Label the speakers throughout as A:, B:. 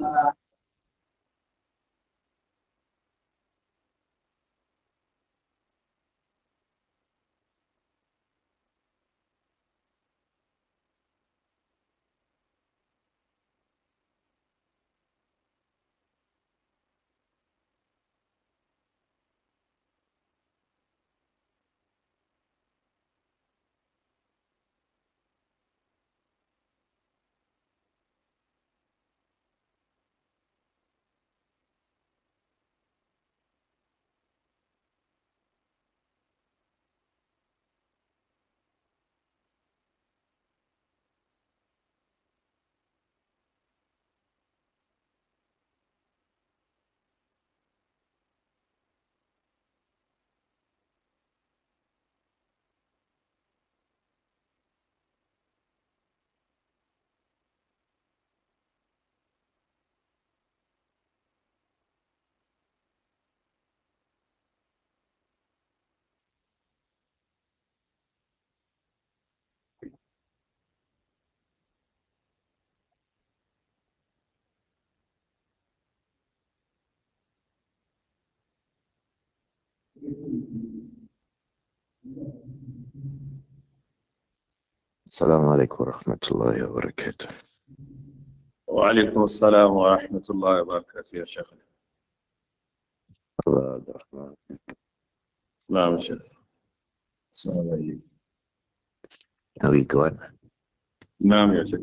A: uh, السلام
B: عليكم ورحمة الله وبركاته
A: وعليكم السلام ورحمة الله وبركاته يا شيخنا الله عبد الرحمن نعم يا شيخ السلام عليكم How are
B: you going? نعم يا شيخ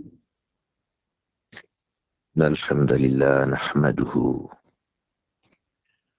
B: الحمد لله نحمده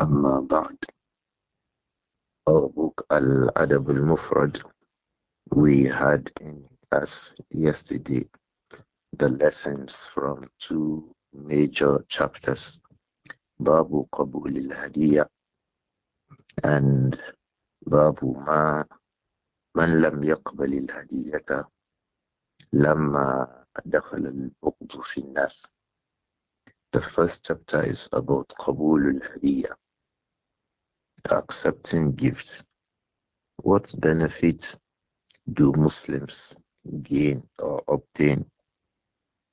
B: أما بعد our book Al-Adab al-Mufrad we had in class yesterday the lessons from two major chapters Babu Qabul al-Hadiya and Babu Ma Man Lam Yaqbal al-Hadiyata Lama Dakhal al-Buqdu fi nas The first chapter is about Qabul al-Hadiyah accepting gifts. What benefits do Muslims gain or obtain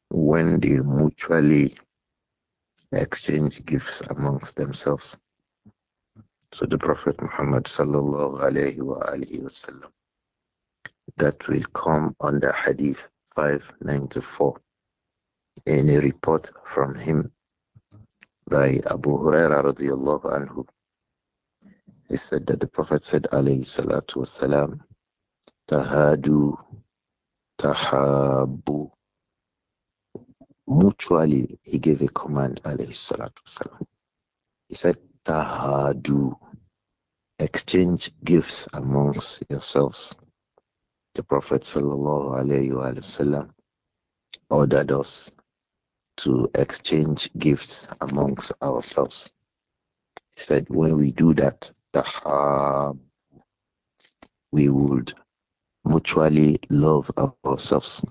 B: when they mutually exchange gifts amongst themselves? So the Prophet Muhammad sallallahu that will come under Hadith 594 in a report from him by Abu Huraira radiallahu anhu he said that the Prophet said, alayhi salatu wasalam, tahadu, tahabu. Mutually, he gave a command, alayhi salatu wasalam. He said, tahadu, exchange gifts amongst yourselves. The Prophet sallallahu alayhi wasallam ordered us to exchange gifts amongst ourselves. He said, when we do that, tahab. We would mutually love ourselves.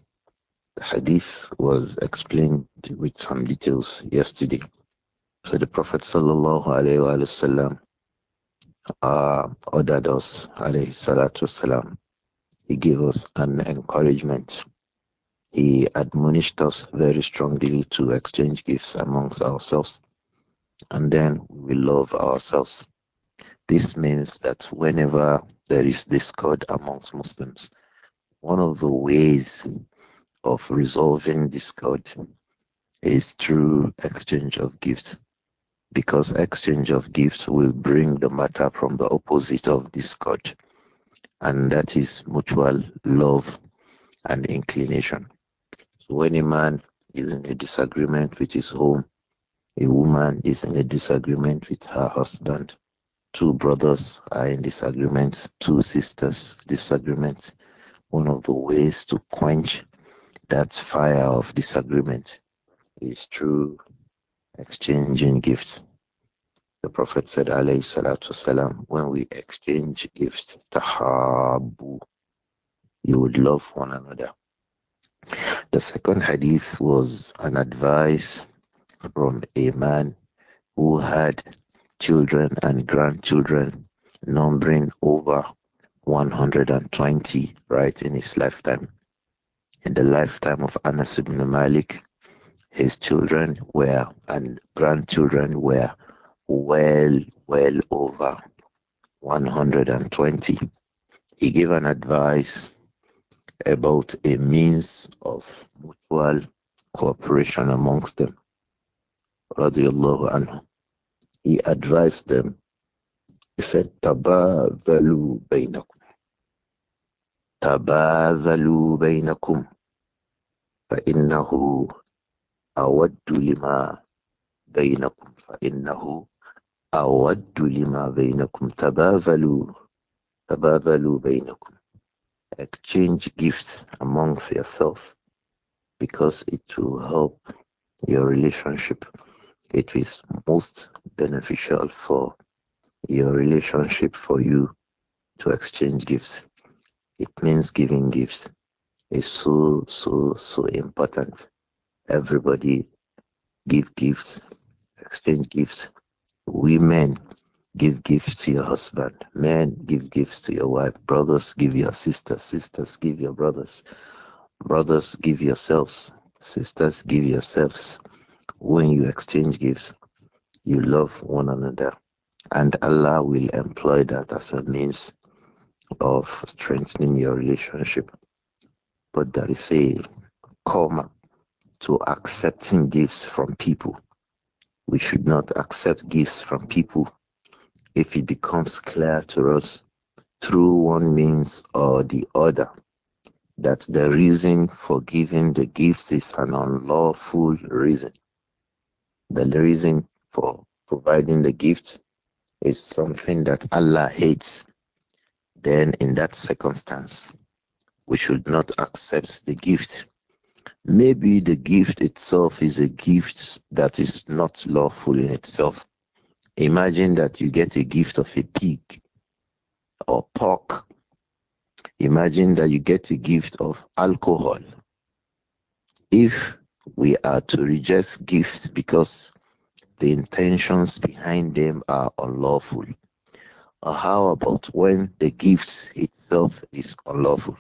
B: The hadith was explained with some details yesterday. So the Prophet sallallahu wasallam uh, ordered us alayhi salatu wasalam. He gave us an encouragement. He admonished us very strongly to exchange gifts amongst ourselves, and then we love ourselves. This means that whenever there is discord amongst Muslims, one of the ways of resolving discord is through exchange of gifts because exchange of gifts will bring the matter from the opposite of discord and that is mutual love and inclination so when a man is in a disagreement with his home a woman is in a disagreement with her husband two brothers are in disagreement, two sisters disagreement. One of the ways to quench that fire of disagreement is through exchanging gifts. The Prophet said, alayhi salatu salam, when we exchange gifts, tahabu, you would love one another. The second hadith was an advice from a man who had children and grandchildren, numbering over 120 right in his lifetime. In the lifetime of Anas ibn Malik, his children were and grandchildren were well, well over 120. He gave an advice about a means of mutual cooperation amongst them. Radiallahu anhu he advised them. He said, Tabadhalu bainakum. Tabadhalu bainakum. فإنه أود لما بينكم فإنه أود لما بينكم تباذلوا تباذلوا بينكم exchange gifts amongst yourselves because it will help your relationship it is most beneficial for your relationship for you to exchange gifts. It means giving gifts is so, so, so important. Everybody give gifts, exchange gifts. Women give gifts to your husband. Men give gifts to your wife. Brothers give your sisters. Sisters give your brothers. Brothers give yourselves. Sisters give yourselves. When you exchange gifts, you love one another, and Allah will employ that as a means of strengthening your relationship. But there is a comma to accepting gifts from people. We should not accept gifts from people if it becomes clear to us through one means or the other that the reason for giving the gift is an unlawful reason the reason for providing the gift is something that Allah hates, then in that circumstance, we should not accept the gift. Maybe the gift itself is a gift that is not lawful in itself. Imagine that you get a gift of a pig or pork. Imagine that you get a gift of alcohol. If we are to reject gifts because the intentions behind them are unlawful. Or how about when the gift itself is unlawful?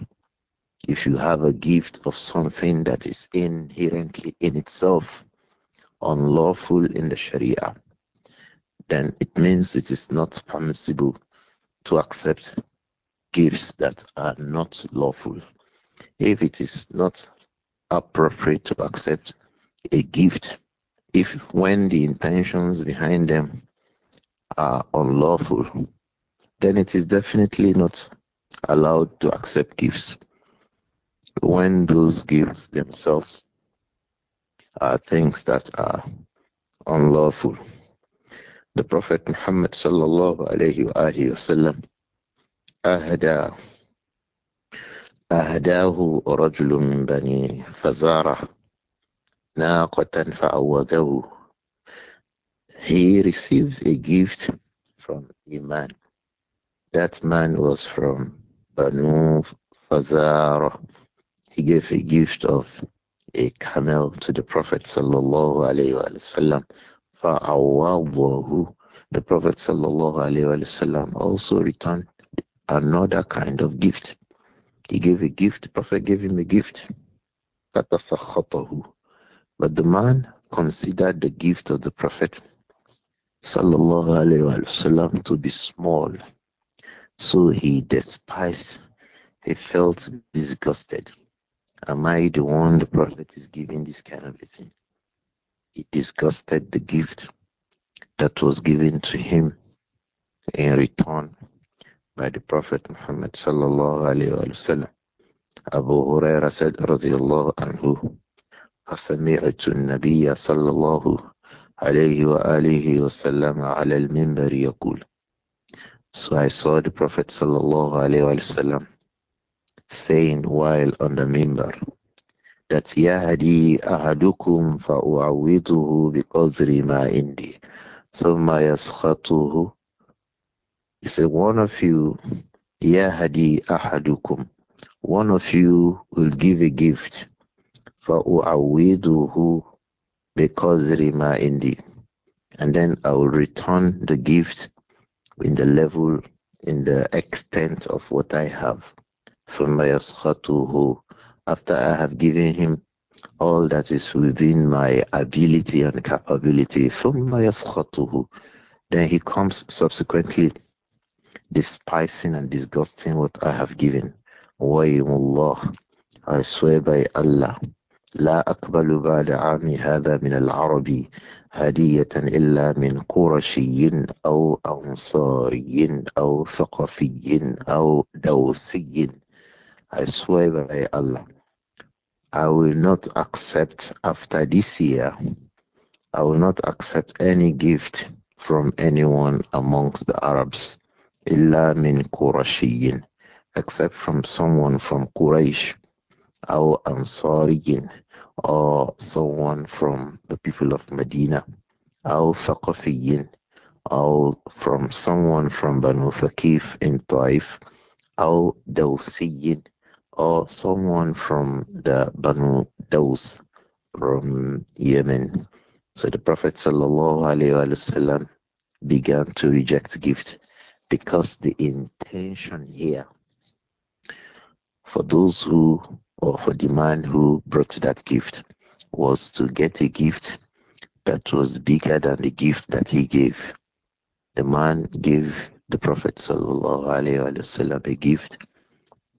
B: If you have a gift of something that is inherently in itself unlawful in the Sharia, then it means it is not permissible to accept gifts that are not lawful. If it is not appropriate to accept a gift if when the intentions behind them are unlawful, then it is definitely not allowed to accept gifts when those gifts themselves are things that are unlawful. The Prophet Muhammad sallallahu alayhi wa sallam أهداه رجل من بني فزارة ناقة فأوذه He received a gift from a man. That man was from Banu Fazara. He gave a gift of a camel to the Prophet sallallahu alaihi wasallam. فأوضه The Prophet sallallahu alaihi wasallam also returned another kind of gift. He gave a gift, Prophet gave him a gift. But the man considered the gift of the Prophet وسلم, to be small. So he despised, he felt disgusted. Am I the one the Prophet is giving this kind of a thing? He disgusted the gift that was given to him in return by the Prophet Muhammad sallallahu alayhi wa sallam. Abu Huraira said radiyallahu anhu, فسمعت النبي صلى الله عليه وآله وسلم على المنبر يقول So I saw the Prophet صلى الله عليه وسلم saying while on the minbar that يهدي أحدكم فأعوضه بقدر ما عندي ثم يسخطه he said, One of you, Yahadi Ahadukum, one of you will give a gift. فَأُعَوِّدُهُ because مَا إِنْدِي And then I will return the gift in the level, in the extent of what I have. ثُمَّ يَسْخَطُهُ After I have given him all that is within my ability and capability. Then he comes subsequently despising and disgusting what I have given. Allah! I swear by Allah. لا أقبل بعد عامي هذا من العربي هدية إلا من قرشي أو أنصاري أو ثقفي أو دوسي I swear by Allah I will not accept after this year I will not accept any gift from anyone amongst the Arabs إلا من قرشي except from someone from Quraysh أو أنصاري or someone from the people of Medina أو ثقفي أو from someone from Banu Thaqif in Taif أو دوسي or someone from the Banu Daws from Yemen. So the Prophet sallallahu wasallam began to reject gifts because the intention here for those who or for the man who brought that gift was to get a gift that was bigger than the gift that he gave. The man gave the Prophet wasallam a gift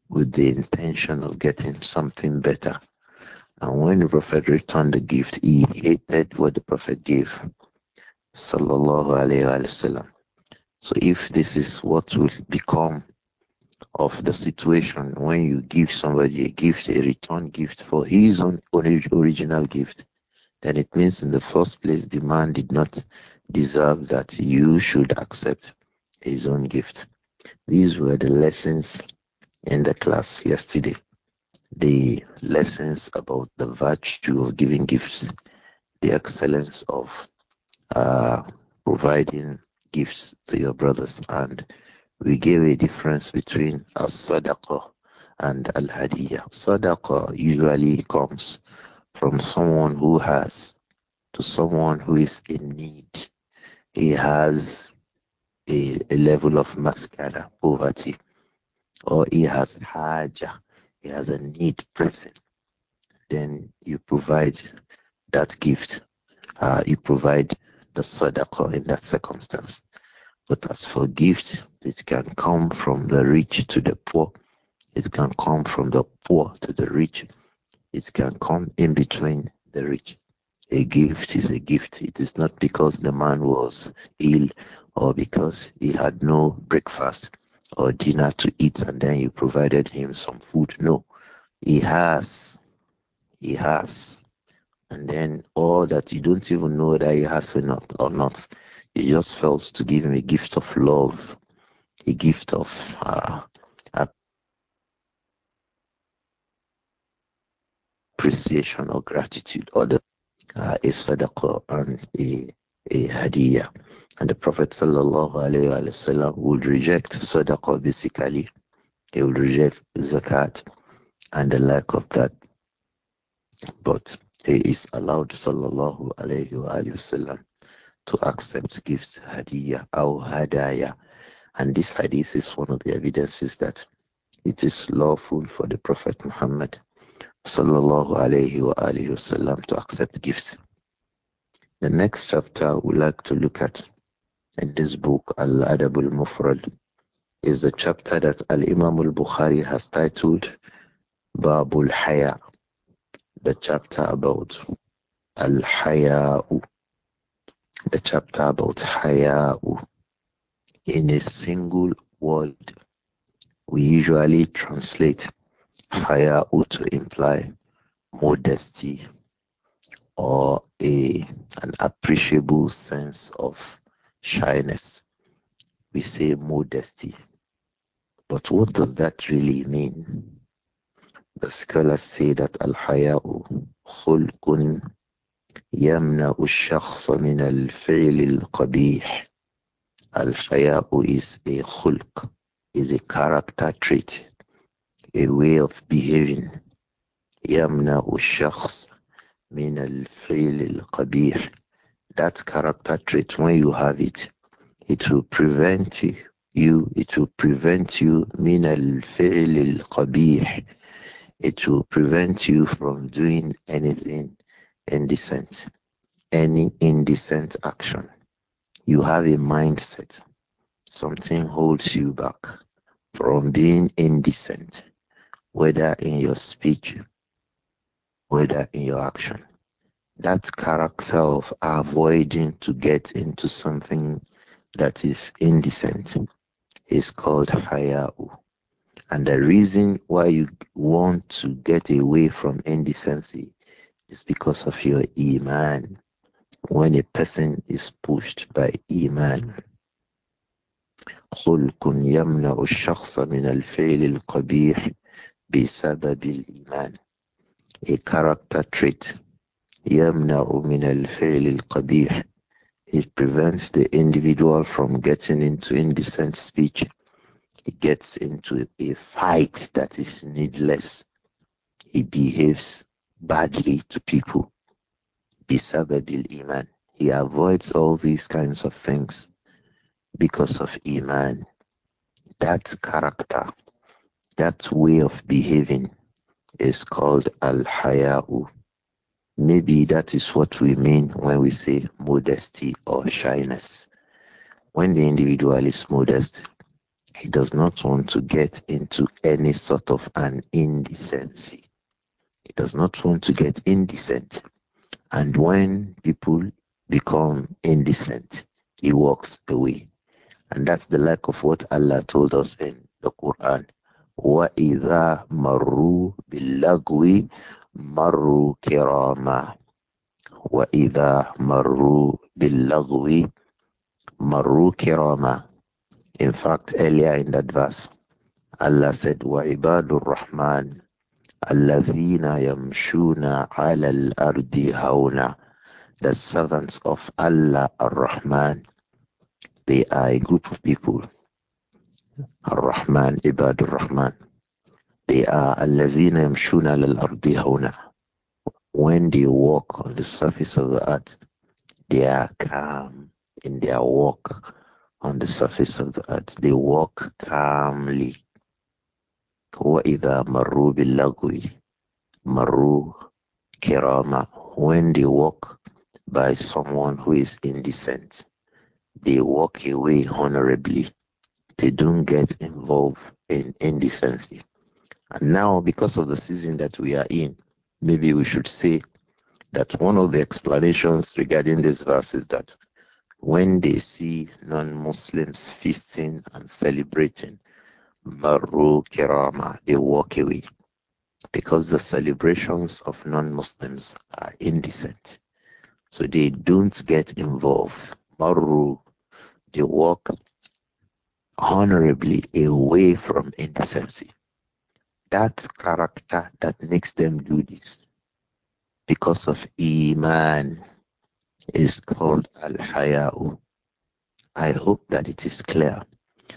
B: with the intention of getting something better. And when the Prophet returned the gift, he hated what the Prophet gave. Sallallahu Alaihi Wasallam. So if this is what will become of the situation when you give somebody a gift, a return gift for his own original gift, then it means in the first place the man did not deserve that you should accept his own gift. These were the lessons in the class yesterday. The lessons about the virtue of giving gifts, the excellence of uh, providing gifts to your brothers. And we gave a difference between a sadaqah and al hadiyah. Sadaqah usually comes from someone who has to someone who is in need. He has a, a level of maskara, poverty, or he has haja, he has a need present. Then you provide that gift. Uh, you provide the sadaqah in that circumstance. But as for gifts, it can come from the rich to the poor. It can come from the poor to the rich. It can come in between the rich. A gift is a gift. It is not because the man was ill or because he had no breakfast or dinner to eat and then you provided him some food. No. He has. He has and then or oh, that you don't even know that he has enough or not. you just felt to give him a gift of love, a gift of uh, appreciation or gratitude or the uh, a sadaqah and a, a hadiyah. And the Prophet wasallam would reject sadaqah basically. He would reject zakat and the like of that. But he is allowed sallallahu alayhi wasallam to accept gifts hadiya or hadaya and this hadith is one of the evidences that it is lawful for the prophet muhammad sallallahu alayhi wasallam sallam to accept gifts the next chapter we like to look at in this book al Adabul mufrad is the chapter that al-imam al-bukhari has titled babul haya the chapter about Al Haya'u, the chapter about Haya'u. In a single word, we usually translate Haya'u to imply modesty or a an appreciable sense of shyness. We say modesty. But what does that really mean? بس كلا السيدة الحياء خلق يمنع الشخص من الفعل القبيح الحياء is a خلق is a character trait a way of behaving يمنع الشخص من الفعل القبيح that character trait when you have it it will prevent you it will prevent you من الفعل القبيح it will prevent you from doing anything indecent, any indecent action. You have a mindset. Something holds you back from being indecent, whether in your speech, whether in your action. That character of avoiding to get into something that is indecent is called hayao. And the reason why you want to get away from indecency is because of your Iman. When a person is pushed by Iman, a character trait it prevents the individual from getting into indecent speech he gets into a fight that is needless. He behaves badly to people. Bisababil Iman. He avoids all these kinds of things because of Iman. That character, that way of behaving is called Al Haya'u. Maybe that is what we mean when we say modesty or shyness. When the individual is modest, he does not want to get into any sort of an indecency. He does not want to get indecent. And when people become indecent, he walks away. And that's the lack of what Allah told us in the Quran. وَإِذَا مَرُّوا بِاللَّغْوِ مَرُّوا كِرَامًا وَإِذَا مَرُّوا بِاللَّغْوِ مَرُّوا كِرَامًا in fact, earlier in that verse, Allah said, وَعِبَادُ الرَّحْمَنِ الَّذِينَ يَمْشُونَ عَلَى الْأَرْضِ هَوْنًا The servants of Allah Ar-Rahman, they are a group of people. Ar-Rahman, Ibad rahman They are الَّذِينَ يَمْشُونَ عَلَى الْأَرْضِ هَوْنًا When they walk on the surface of the earth, they are calm in their walk on the surface of the earth. They walk calmly. وَإِذَا مَرُّوا بِاللَّغْوِ Maru كِرَامًا When they walk by someone who is indecent, they walk away honorably. They don't get involved in indecency. And now, because of the season that we are in, maybe we should say that one of the explanations regarding this verse is that when they see non-Muslims feasting and celebrating, Maru Kerama, they walk away because the celebrations of non-Muslims are indecent. So they don't get involved. Maru, they walk honorably away from indecency. That character that makes them do this because of Iman is called al hayau. I hope that it is clear.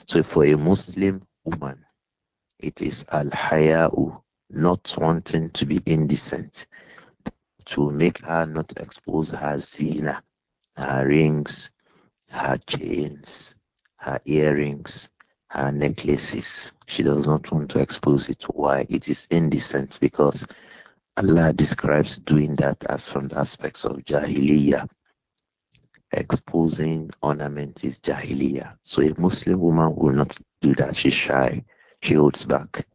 B: So for a Muslim woman, it is al hayau, not wanting to be indecent, to make her not expose her zina, her rings, her chains, her earrings, her necklaces. She does not want to expose it. Why? It is indecent because Allah describes doing that as from the aspects of Jahiliyyah exposing ornament is jahiliyyah. So a Muslim woman will not do that. She's shy. She holds back.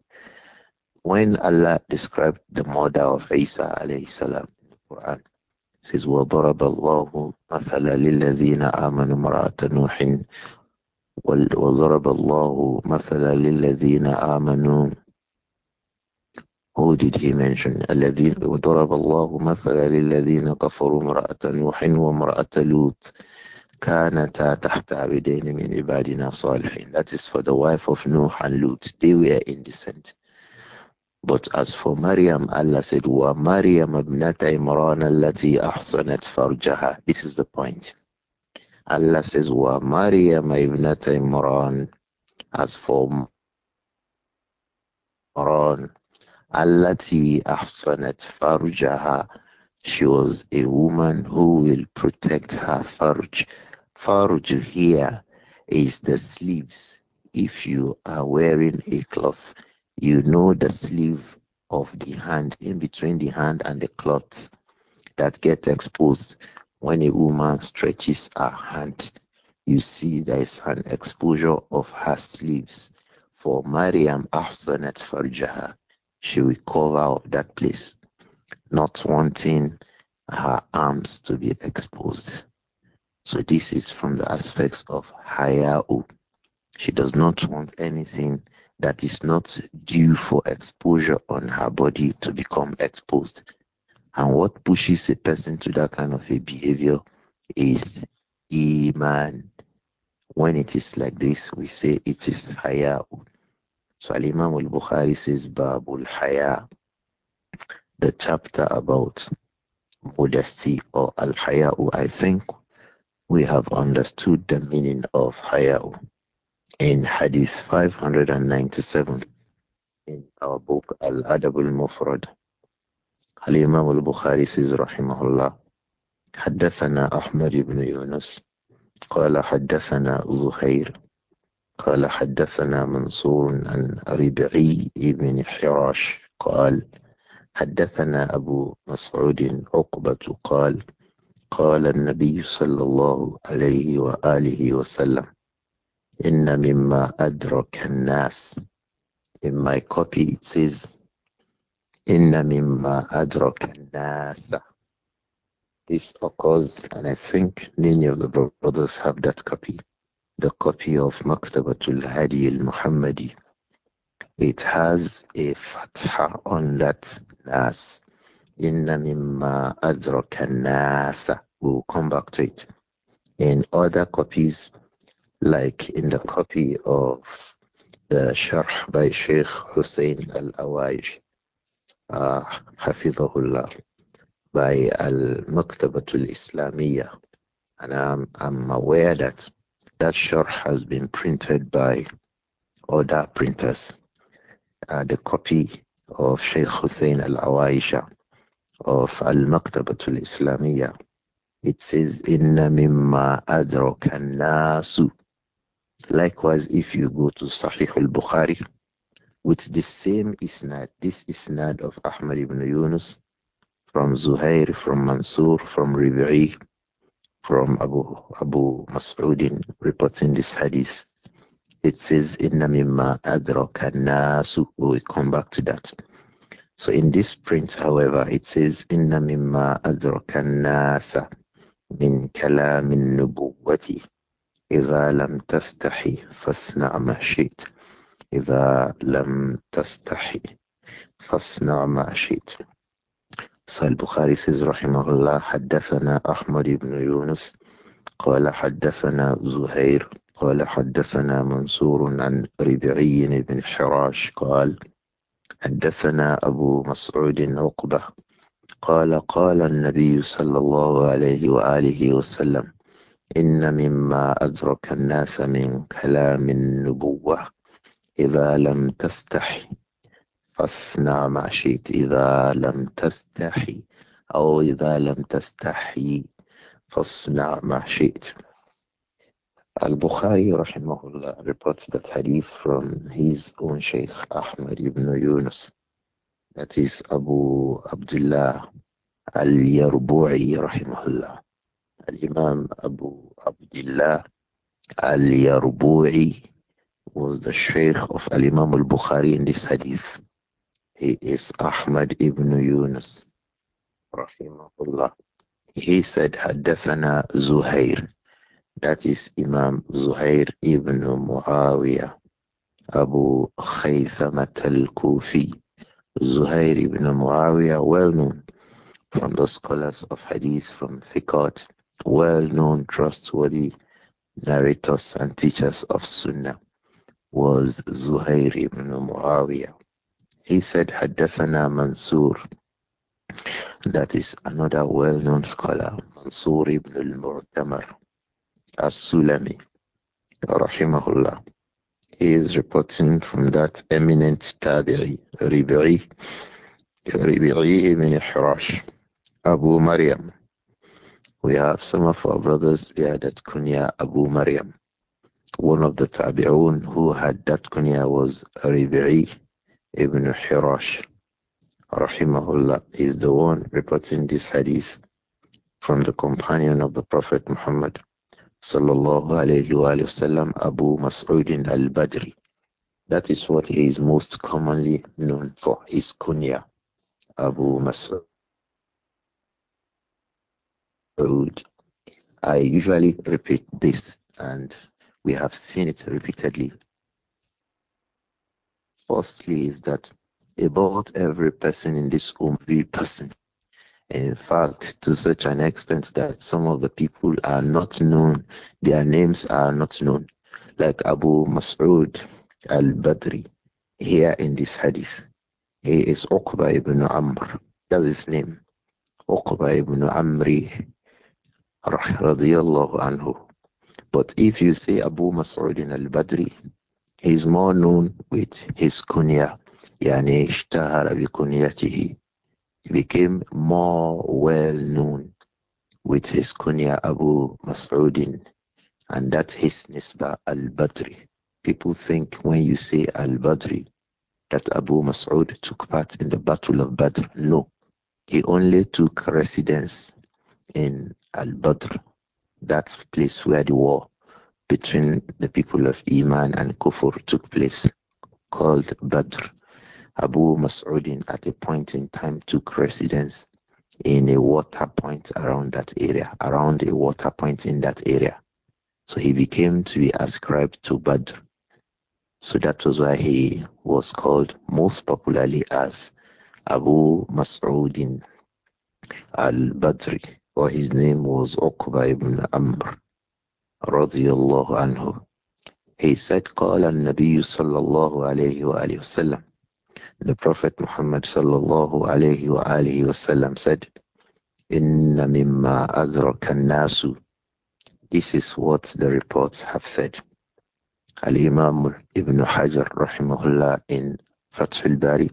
B: When Allah described the mother of Isa alayhi salam in the Quran, it says, وَضَرَبَ اللَّهُ مَثَلًا لِلَّذِينَ آمَنُوا مَرَأَةَ نُوحٍ وَضَرَبَ اللَّهُ مَثَلًا لِلَّذِينَ آمَنُوا who did he mention? الذين وضرب الله مثلا للذين كفروا امرأة نوح وامرأة لوط كانتا تحت عبدين من عبادنا صالحين. That is for the wife of Noah and Lut. They were indecent. But as for Maryam, Allah said, "Wa Maryam abnata Imran allati ahsanat farjaha." This is the point. Allah says, "Wa Maryam ibnata Imran." As for Imran, Allati ahsanat farujaha. She was a woman who will protect her faruj. Faruj here is the sleeves. If you are wearing a cloth, you know the sleeve of the hand, in between the hand and the cloth that get exposed when a woman stretches her hand. You see there is an exposure of her sleeves. For Mariam Ahsanat Farjaha, she will cover that place, not wanting her arms to be exposed. So this is from the aspects of higher up. She does not want anything that is not due for exposure on her body to become exposed. And what pushes a person to that kind of a behavior is Iman. When it is like this, we say it is higher. up. So Al Imam al Bukhari says Babul Haya, the chapter about modesty or Al Haya'u. I think we have understood the meaning of Haya'u in Hadith 597 in our book Al Adab al Mufrad. Al Imam al Bukhari says Rahimahullah. حدثنا أحمد بن يونس قال حدثنا زهير قال حدثنا منصور عن ربعي بن حراش قال حدثنا أبو مسعود عقبة قال قال النبي صلى الله عليه وآله وسلم إن مما أدرك الناس in my copy it says إن مما أدرك الناس this occurs and I think many of the brothers have that copy the copy of Maktabatul Hadi al-Muhammadi. It has a fatha on that nas. Inna mimma adraka nasa. We will come back to it. In other copies, like in the copy of the Sharh by Sheikh Hussein Al-Awaj, uh, Hafidhullah, by Al-Maktabatul Islamiyah. And I'm, I'm aware that that sharh has been printed by other printers. Uh, the copy of Sheikh Hussein Al Awaisha of Al Maktabatul Islamiyah. It says, Inna mimma adraka nasu. Likewise, if you go to Sahih al Bukhari with the same isnad, this isnad of Ahmad ibn Yunus from Zuhair, from Mansur, from Rib'i, from Abu Abu Mas'udin reporting this hadith. It says Inna Namima adrokanasu." nasu. We come back to that. So in this print, however, it says Inna Namima adraka nasa min kalamin nubuwati. إذا لم تستحي فاصنع ما شئت إذا لم تستحي فاصنع ما شئت صحيح البخاري سيز رحمه الله حدثنا أحمد بن يونس قال حدثنا زهير قال حدثنا منصور عن ربعي بن حراش قال حدثنا أبو مسعود عقبة قال قال النبي صلى الله عليه وآله وسلم إن مما أدرك الناس من كلام النبوة إذا لم تستح فاصنع ما شئت إذا لم تستحي أو إذا لم تستحي فاصنع ما شيت البخاري رحمه الله reports that hadith from his own Shaykh Ahmad ibn Yunus that is Abu Abdullah Al-Yarbu'i الله الإمام أبو Abu Abdullah Al-Yarbu'i was the Shaykh of Al-Imam Al-Bukhari in this hadith He is Ahmad ibn Yunus. Rahimahullah. He said, "Hadithana Zuhair. That is Imam Zuhair ibn Muawiyah. Abu Khaythamat al-Kufi. Zuhair ibn Muawiyah, well known from the scholars of hadith from Thikat, well known, trustworthy narrators and teachers of Sunnah, was Zuhair ibn Muawiyah. He said, "Hadathana Mansur. That is another well known scholar, Mansur ibn al murtamar as Sulami, Rahimahullah. He is reporting from that eminent Tabi'i, Ribi'i, Ribi'i ibn Hirash, Abu Maryam. We have some of our brothers via that kunya Abu Maryam. One of the Tabi'un who had that kunya was Ribi'i Ibn Hirash, rahimahullah, is the one reporting this hadith from the companion of the Prophet Muhammad, sallallahu alayhi wa sallam, Abu Mas'ud al-Badri. That is what he is most commonly known for, his kunya, Abu Mas'ud. I usually repeat this, and we have seen it repeatedly Firstly, is that about every person in this room every person. In fact, to such an extent that some of the people are not known, their names are not known, like Abu Mas'ud al Badri here in this hadith. He is Uqba ibn Amr, that's his name. Uqba ibn Amri radiallahu anhu. But if you say Abu Mas'ud al Badri, He's more known with his kunya, yani ishtahara bi kunyatihi. He became more well known with his kunya Abu Mas'udin, and that's his nisba al-Badri. People think when you say al-Badri that Abu Mas'ud took part in the Battle of Badr. No, he only took residence in al-Badr, that place where the war between the people of Iman and Kufur took place called Badr. Abu Mas'udin at a point in time took residence in a water point around that area, around a water point in that area. So he became to be ascribed to Badr. So that was why he was called most popularly as Abu Mas'udin al-Badri, or his name was Uqba ibn Amr. رضي الله عنه he said قال النبي صلى الله عليه وآله وسلم the Prophet Muhammad صلى الله عليه وآله وسلم said إن مما أدرك الناس this is what the reports have said Ali imam Ibn Hajar rahimahullah in Fathul Bari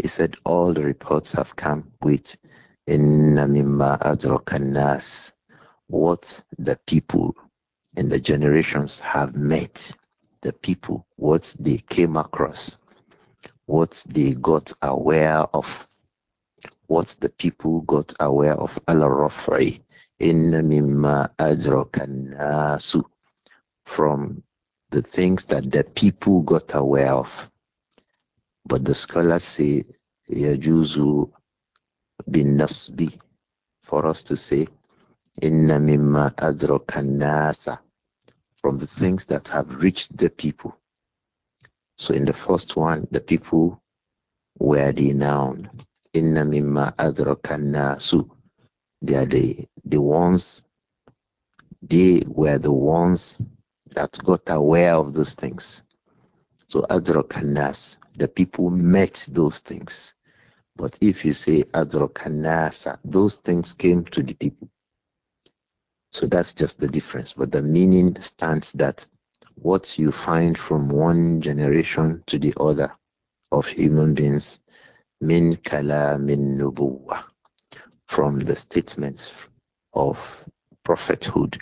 B: he said all the reports have come with inna mimma adraka what the people and the generations have met the people, what they came across, what they got aware of, what the people got aware of. Al-Raf'i, inna mimma adrokanasu. from the things that the people got aware of. But the scholars say, Yajuzu bin Nasbi, for us to say, Inna mimma nasa. From the things that have reached the people. So in the first one, the people were the noun. Inna mimma nasu. They are the, the ones, they were the ones that got aware of those things. So adrokanas, the people met those things. But if you say adrokanasa, those things came to the people. So that's just the difference. But the meaning stands that what you find from one generation to the other of human beings, min kala min nubuwa, from the statements of prophethood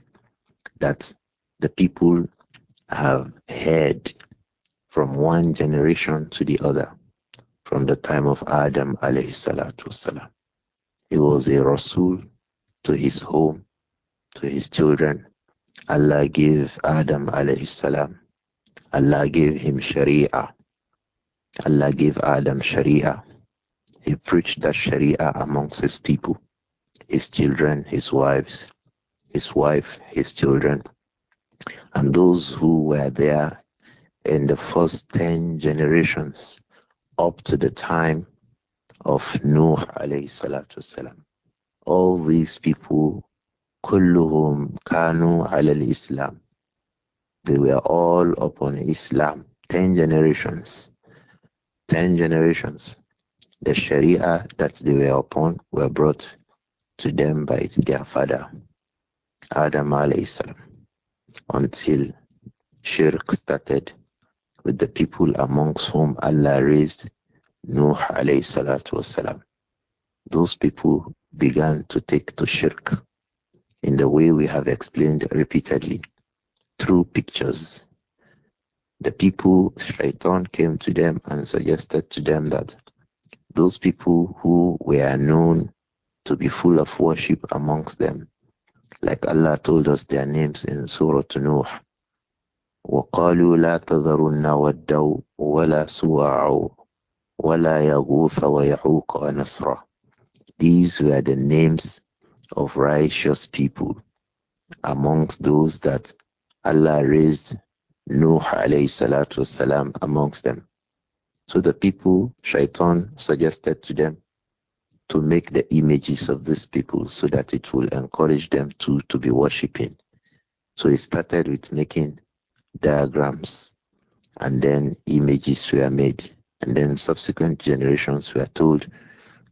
B: that the people have heard from one generation to the other from the time of Adam alayhi salatu wasalam. He was a Rasul to his home to his children. Allah gave Adam alayhi salam. Allah gave him Sharia. Allah gave Adam Sharia. He preached that Sharia amongst his people, his children, his wives, his wife, his children, and those who were there in the first 10 generations up to the time of Nuh alayhi salatu salam. All these people Kulluhum كانوا al-Islam. they were all upon Islam ten generations ten generations the Sharia that they were upon were brought to them by their father Adam alayhi until shirk started with the people amongst whom Allah raised Nuh alayhi salatu salam. Those people began to take to shirk in the way we have explained repeatedly through pictures. The people, Shaitan came to them and suggested to them that those people who were known to be full of worship amongst them, like Allah told us their names in Surah Nuh. وقالوا لا تذرن ودا ولا سواع ولا يغوث ويعوق ونسرا These were the names of righteous people amongst those that Allah raised Nuh alayhi salatu salam, amongst them. So the people, Shaitan suggested to them to make the images of these people so that it will encourage them to, to be worshipping. So he started with making diagrams and then images were made. And then subsequent generations were told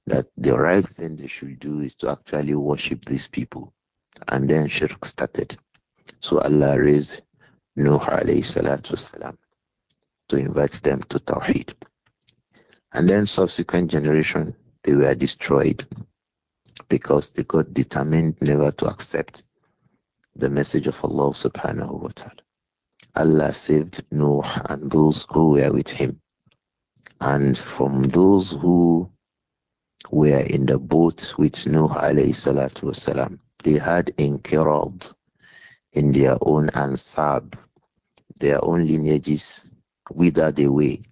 B: that the right thing they should do is to actually worship these people. And then shirk started. So Allah raised Nuh alayhi to invite them to Tawheed. And then subsequent generation, they were destroyed because they got determined never to accept the message of Allah subhanahu wa ta'ala. Allah saved Nuh and those who were with him. And from those who were in the boat with Nuh alayhi salatu wasalam. They had incurred in their own ansab, their own lineages, withered away. way.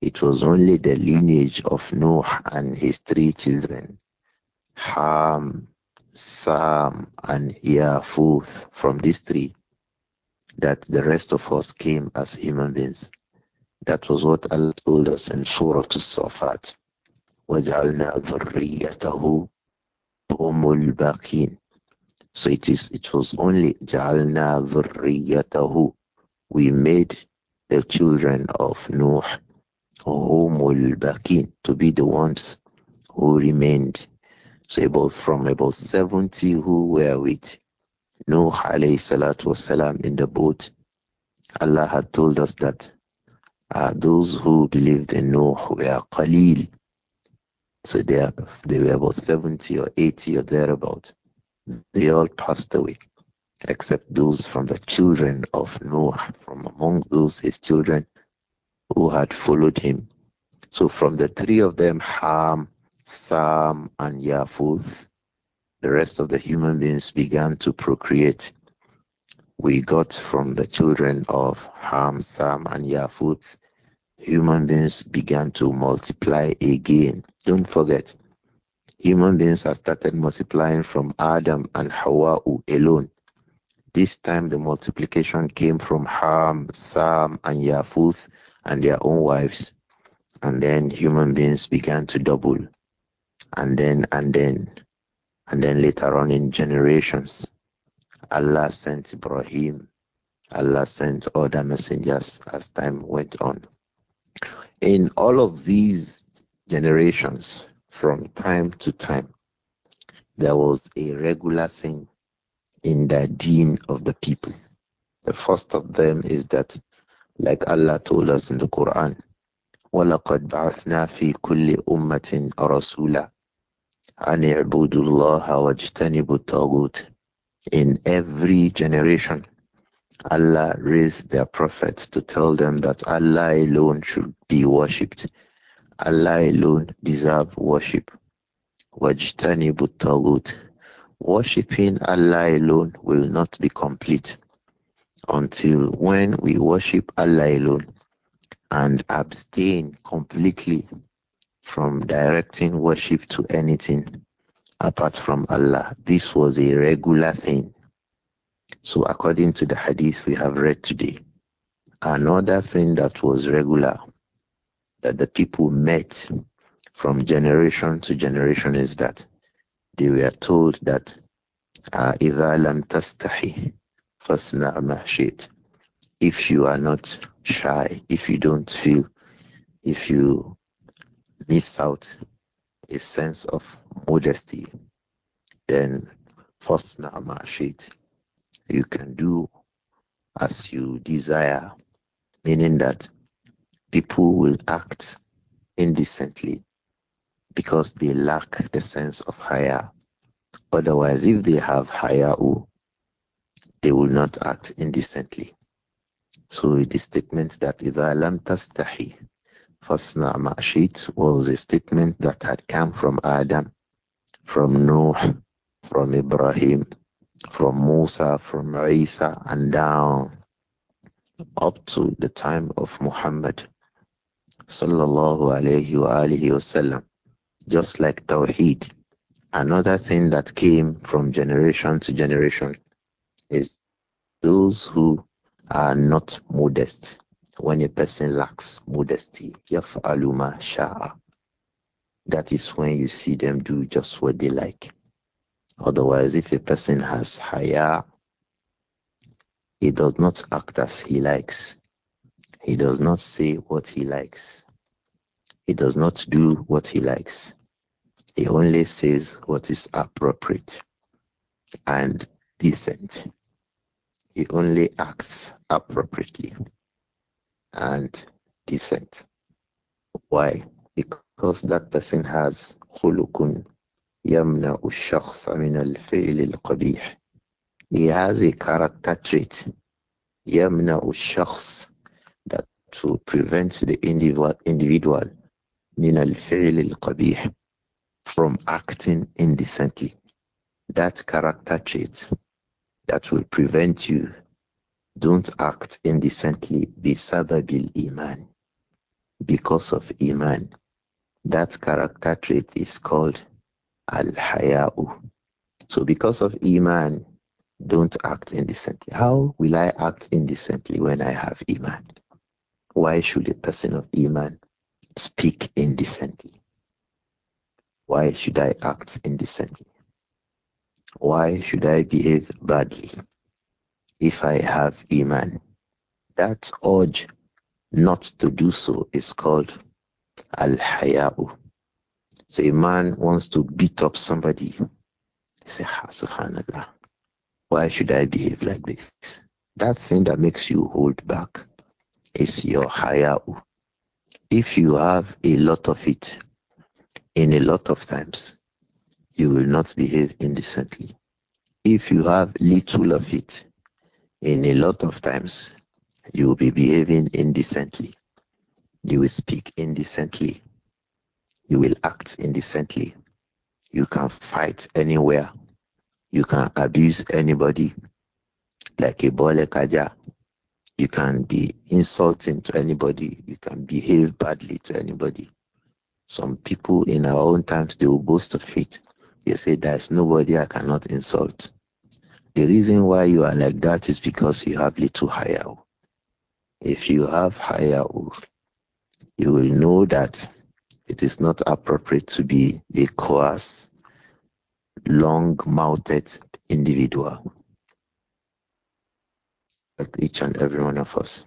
B: It was only the lineage of Noah and his three children, Ham, Sam, and Yafuth. from these three, that the rest of us came as human beings. That was what Allah told us in Surah to Safat. وَجَعَلْنَا ذُرِّيَّتَهُ هُمُ الْبَاقِينَ So it is it was only جَعَلْنَا ذُرِّيَّتَهُ We made the children of Noah هُمُ الْبَاقِينَ To be the ones who remained. So about from about 70 who were with Nuh alayhi salatu wasalam in the boat, Allah had told us that uh, those who believed in Noah were قليل. So they, are, they were about 70 or 80 or thereabout. They all passed away, except those from the children of Noah, from among those his children who had followed him. So from the three of them, Ham, Sam, and Japheth, the rest of the human beings began to procreate. We got from the children of Ham, Sam, and Japheth human beings began to multiply again. Don't forget, human beings have started multiplying from Adam and Hawa alone. This time the multiplication came from Ham, Sam, and Yafuth and their own wives. And then human beings began to double. And then, and then, and then later on in generations, Allah sent Ibrahim. Allah sent other messengers as time went on. In all of these generations, from time to time, there was a regular thing in the deen of the people. The first of them is that, like Allah told us in the Quran, وَلَقَدْ بَعَثْنَا فِي كُلِّ أُمَّةٍ رَسُولًا أَنِ اعْبُدُوا اللَّهَ وَاجْتَنِبُوا الطَّاغُوتَ In every generation, Allah raised their prophets to tell them that Allah alone should be worshipped. Allah alone deserve worship. Wajtanibu tagut. Worshipping Allah alone will not be complete until when we worship Allah alone and abstain completely from directing worship to anything apart from Allah. This was a regular thing so, according to the hadith we have read today, another thing that was regular that the people met from generation to generation is that they were told that إِذَا لَمْ تَسْتَحِ فَاسْنَعْ مَحْشِيتَ If you are not shy, if you don't feel, if you miss out a sense of modesty, then فَاسْنَعْ مَحْشِيتَ you can do as you desire, meaning that people will act indecently because they lack the sense of higher. Otherwise, if they have haya, they will not act indecently. So the statement that إِذَا لَمْ تَسْتَحِي فَصْنَعْ مَأْشِيتْ was a statement that had come from Adam, from Noah, from Ibrahim, from Musa, from Isa, and down up to the time of Muhammad sallallahu alayhi wa alihi wasallam, just like Tawheed. Another thing that came from generation to generation is those who are not modest. When a person lacks modesty, yaf'aluma sha'a. That is when you see them do just what they like. Otherwise, if a person has haya, he does not act as he likes. He does not say what he likes. He does not do what he likes. He only says what is appropriate and decent. He only acts appropriately and decent. Why? Because that person has hulukun يمنع الشخص من الفعل القبيح he has a character trait يمنع الشخص that to prevent the individual من الفعل القبيح from acting indecently that character trait that will prevent you don't act indecently bisababil iman because of iman that character trait is called Al Haya'u. So because of Iman, don't act indecently. How will I act indecently when I have Iman? Why should a person of Iman speak indecently? Why should I act indecently? Why should I behave badly if I have Iman? That urge not to do so is called Al Haya'u. So a man wants to beat up somebody. He says, ah, Subhanallah, why should I behave like this? That thing that makes you hold back is your higher. If you have a lot of it, in a lot of times, you will not behave indecently. If you have little of it, in a lot of times, you will be behaving indecently. You will speak indecently you will act indecently. You can fight anywhere. You can abuse anybody like a bole kaja. You can be insulting to anybody. You can behave badly to anybody. Some people in our own times, they will boast of it. They say, There's nobody I cannot insult. The reason why you are like that is because you have little higher. If you have higher, you will know that it is not appropriate to be a coarse, long mouthed individual. Like each and every one of us.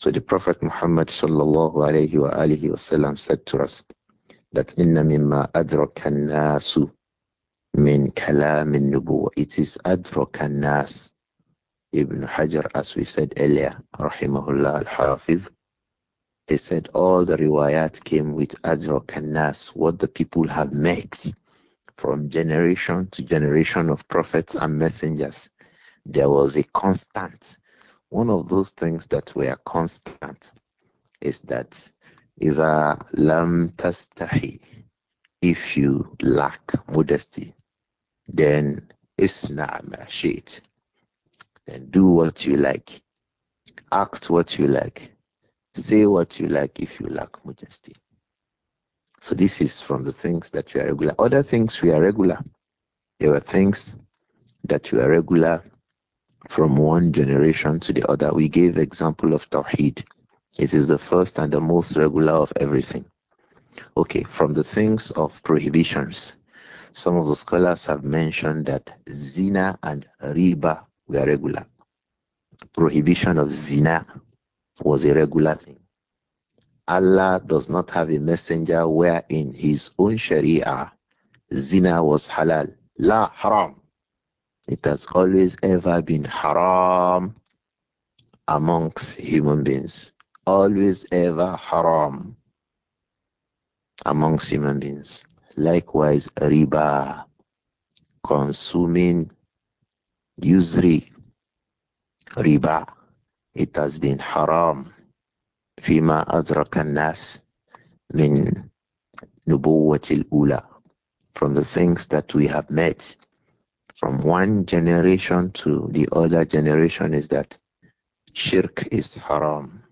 B: So the Prophet Muhammad sallallahu alayhi wa alihi wasallam said to us that inna mimma adraka nasu min kalam nubuwa. It is adraka nas. Ibn Hajar, as we said earlier, rahimahullah al-Hafiz, they said all the riwayat came with Ajra Kanas, what the people have met from generation to generation of prophets and messengers. There was a constant. One of those things that were constant is that إذا lam تستحي if you lack modesty then isna ma then do what you like act what you like Say what you like if you lack modesty. So this is from the things that are regular. Other things we are regular. There were things that are regular from one generation to the other. We gave example of Tawheed. It is the first and the most regular of everything. Okay, from the things of prohibitions, some of the scholars have mentioned that zina and riba were regular. Prohibition of zina was a regular thing. Allah does not have a messenger where in his own Sharia zina was halal. La haram. It has always ever been haram amongst human beings. Always ever haram amongst human beings. Likewise, riba, consuming usury, riba, it has been haram فيما أدرك الناس من نبوة الأولى from the things that we have met from one generation to the other generation is that shirk is haram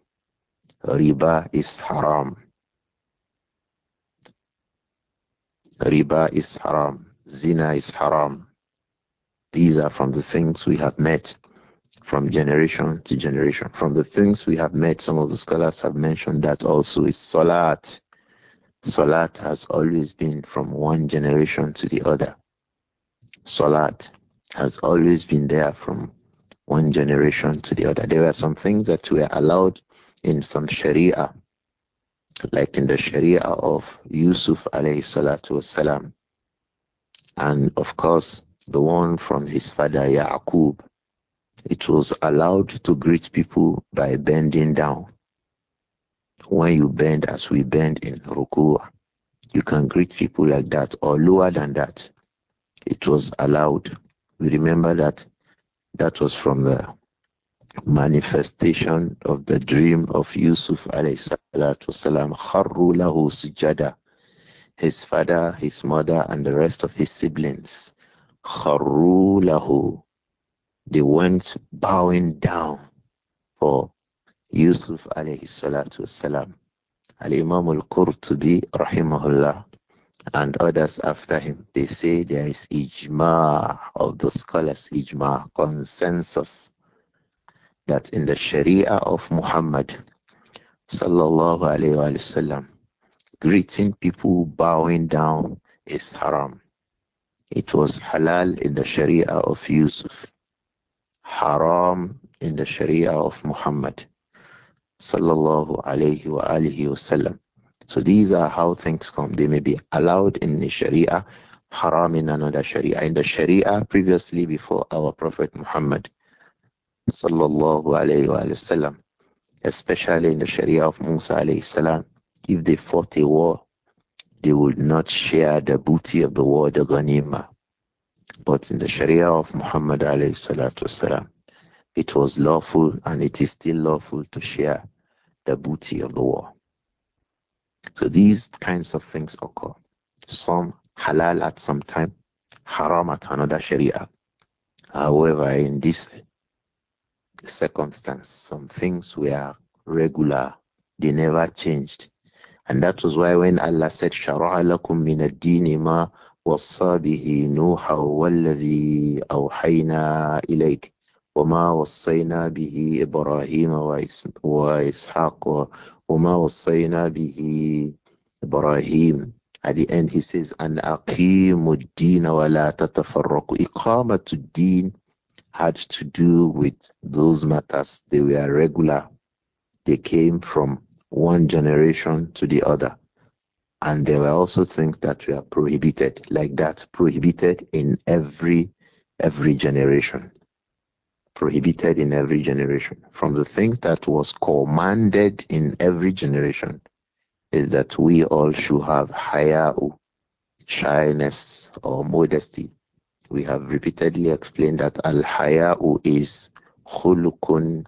B: riba is haram riba is haram zina is haram these are from the things we have met from generation to generation. From the things we have met, some of the scholars have mentioned that also is Salat. Salat has always been from one generation to the other. Salat has always been there from one generation to the other. There were some things that were allowed in some Sharia, like in the Sharia of Yusuf alayhi salatu wasalam. And of course, the one from his father Yaqub it was allowed to greet people by bending down. When you bend as we bend in Rukua, you can greet people like that or lower than that. It was allowed. We remember that that was from the manifestation of the dream of Yusuf alayhi salatu wasalam, sujada. His father, his mother, and the rest of his siblings. Kharru lahu they went bowing down for Yusuf alayhi salatu salam. Al-Imam al-Qurtubi rahimahullah and others after him, they say there is ijma of the scholars, ijma, consensus that in the Sharia of Muhammad sallallahu alayhi wa sallam, greeting people bowing down is haram. It was halal in the Sharia of Yusuf haram in the Sharia of Muhammad sallallahu alayhi wa alihi wasallam. So these are how things come. They may be allowed in the Sharia, haram in another Sharia. In the Sharia previously before our Prophet Muhammad sallallahu alayhi wa sallam, especially in the Sharia of Musa alayhi salam, if they fought a war, they would not share the booty of the war, the ghanima. But in the Sharia of Muhammad والسلام, it was lawful and it is still lawful to share the booty of the war. So these kinds of things occur. Some halal at some time, haram at another Sharia. However, in this circumstance, some things were regular, they never changed. And that was why when Allah said, شَرَعَ لَكُم مِّنَ الدِّينِ وصى به نوحا والذي أوحينا إليك وما وصينا به إبراهيم وإسحاق وما وصينا به إبراهيم At the end he says أن أقيم الدين ولا تتفرقوا إقامة الدين had to do with those matters they were regular they came from one generation to the other and there were also things that were prohibited, like that prohibited in every every generation. Prohibited in every generation. From the things that was commanded in every generation is that we all should have higher shyness or modesty. We have repeatedly explained that al hayau is khulukun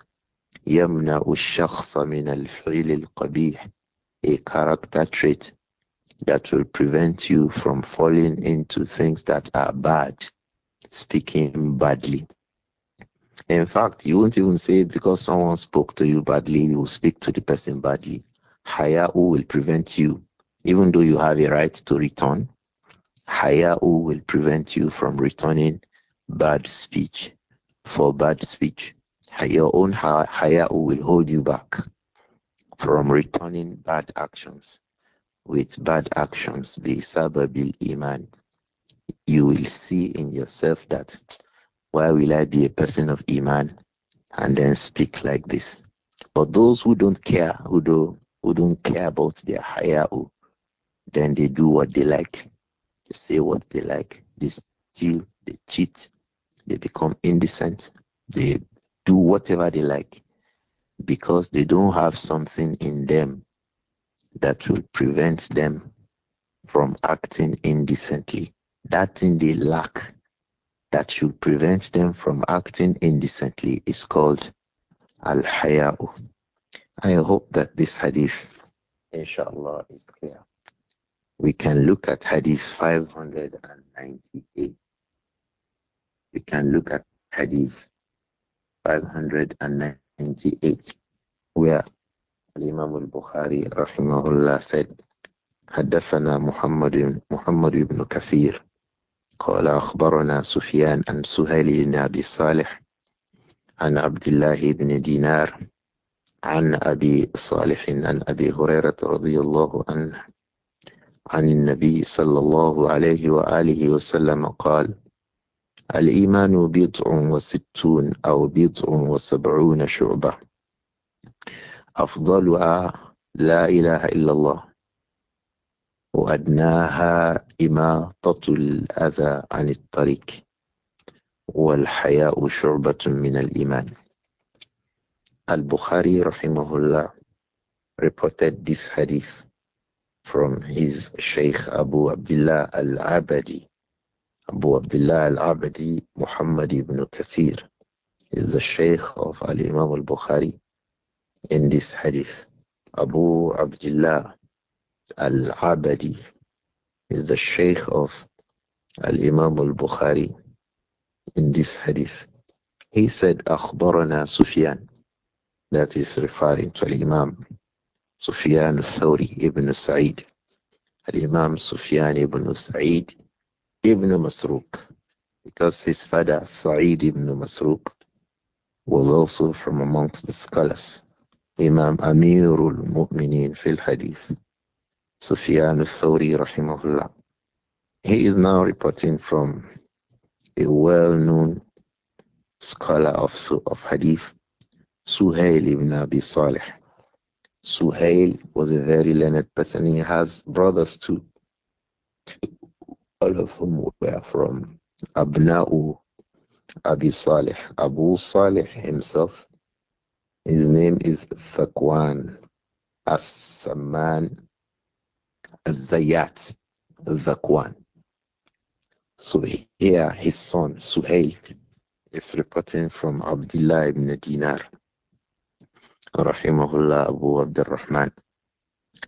B: yamna الشخص من الفعل القبيح a character trait that will prevent you from falling into things that are bad, speaking badly. In fact, you won't even say because someone spoke to you badly, you will speak to the person badly. O will prevent you, even though you have a right to return. O will prevent you from returning bad speech. For bad speech, your own O will hold you back from returning bad actions with bad actions, the sababil iman, you will see in yourself that why will I be a person of iman and then speak like this? But those who don't care, who do who don't care about their higher, then they do what they like, they say what they like, they steal, they cheat, they become indecent, they do whatever they like because they don't have something in them that will prevent them from acting indecently. That thing they lack that should prevent them from acting indecently is called al hayau. I hope that this hadith, inshallah, is clear. We can look at hadith 598. We can look at hadith 598, where الإمام البخاري رحمه الله سيد حدثنا محمد محمد بن كثير قال أخبرنا سفيان عن سهيل بن أبي صالح عن عبد الله بن دينار عن أبي صالح عن أبي هريرة رضي الله عنه عن النبي صلى الله عليه وآله وسلم قال الإيمان بضع وستون أو بضع وسبعون شعبة أفضلها لا إله إلا الله وأدناها إماطة الأذى عن الطريق والحياء شعبة من الايمان البخاري رحمه الله reported this hadith from his Shaykh Abu Abdullah Al-Abadi Abu Abdullah Al-Abadi Muhammad ibn Kathir is the Shaykh of Al-Imam Al-Bukhari in this hadith. Abu Abdullah Al-Abadi is the Sheikh of Al-Imam Al-Bukhari in this hadith. He said, Akhbarana Sufyan. That is referring to Al-Imam Sufyan thawri ibn Sa'id. Al-Imam Sufyan ibn Sa'id ibn Masruq. Because his father, Sa'id ibn Masruq, was also from amongst the scholars Imam Amirul Mu'minin fil Hadith, Sufyan al-Thawri rahimahullah. He is now reporting from a well-known scholar of, of Hadith, Suhail ibn Abi Salih. Suhail was a very learned person. He has brothers too, all of whom were from Abna'u Abi Salih. Abu Salih himself his name is Thakwan As-Saman Zayat Thakwan. So here his son Suhail is reporting from Abdullah ibn Dinar. Rahimahullah Abu Abdurrahman.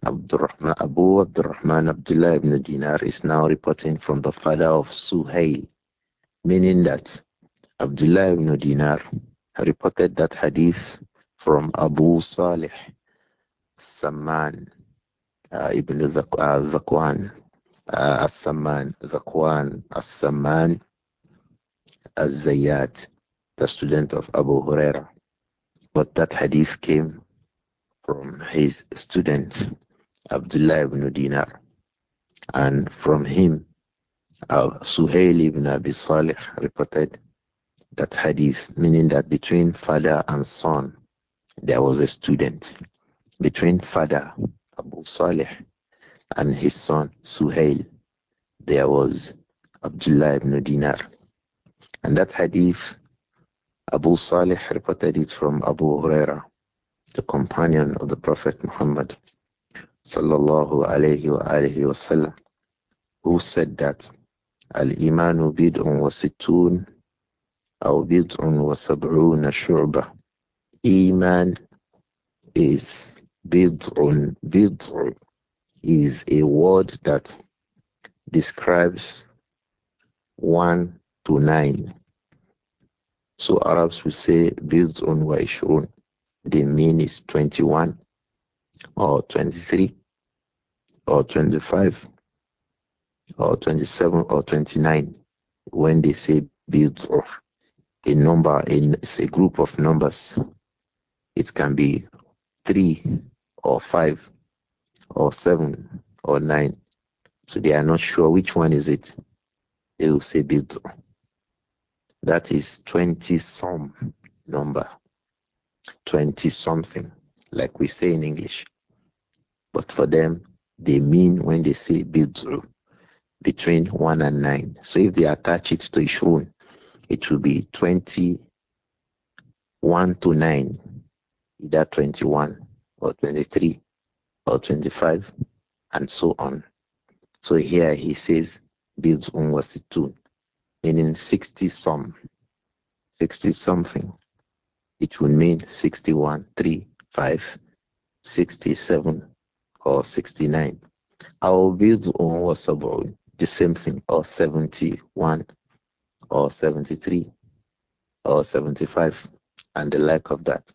B: Abdurrahman Abu Abdurrahman Abdullah ibn Dinar is now reporting from the father of Suhail, meaning that Abdullah ibn Dinar reported that hadith from Abu Salih Saman uh, ibn uh, Zakwan, uh, As-Saman, Zakwan, As-Saman, Az-Zayyat, the student of Abu Huraira. But that hadith came from his student, Abdullah ibn Dinar, and from him, uh, Suhail ibn Abi Salih reported that hadith, meaning that between father and son, there was a student between Father Abu Saleh and his son Suhail. There was Abdullah ibn Dinar. And that hadith, Abu Saleh reported it from Abu Huraira, the companion of the Prophet Muhammad sallallahu alayhi wa alayhi wa sallam, who said that Al-Imanu bid'un wa situn aw bid'un wa sab'una shu'bah Iman is bid'un. Bid'un is a word that describes 1 to 9. So Arabs will say bid'un wa ishrun. The mean is 21 or 23 or 25 or 27 or 29 when they say bid'un. A number, a, a group of numbers it can be three or five or seven or nine. So they are not sure which one is it. They will say bid. That is 20 some number. 20 something, like we say in English. But for them, they mean when they say bidru between 1 and 9. So if they attach it to Ishrun, it will be 21 to 9 either 21 or 23 or 25 and so on. So here he says builds unwasitun, meaning 60 some, 60 something. It would mean 61, 3, 5, 67 or 69. on builds about the same thing, or 71 or 73 or 75 and the like of that.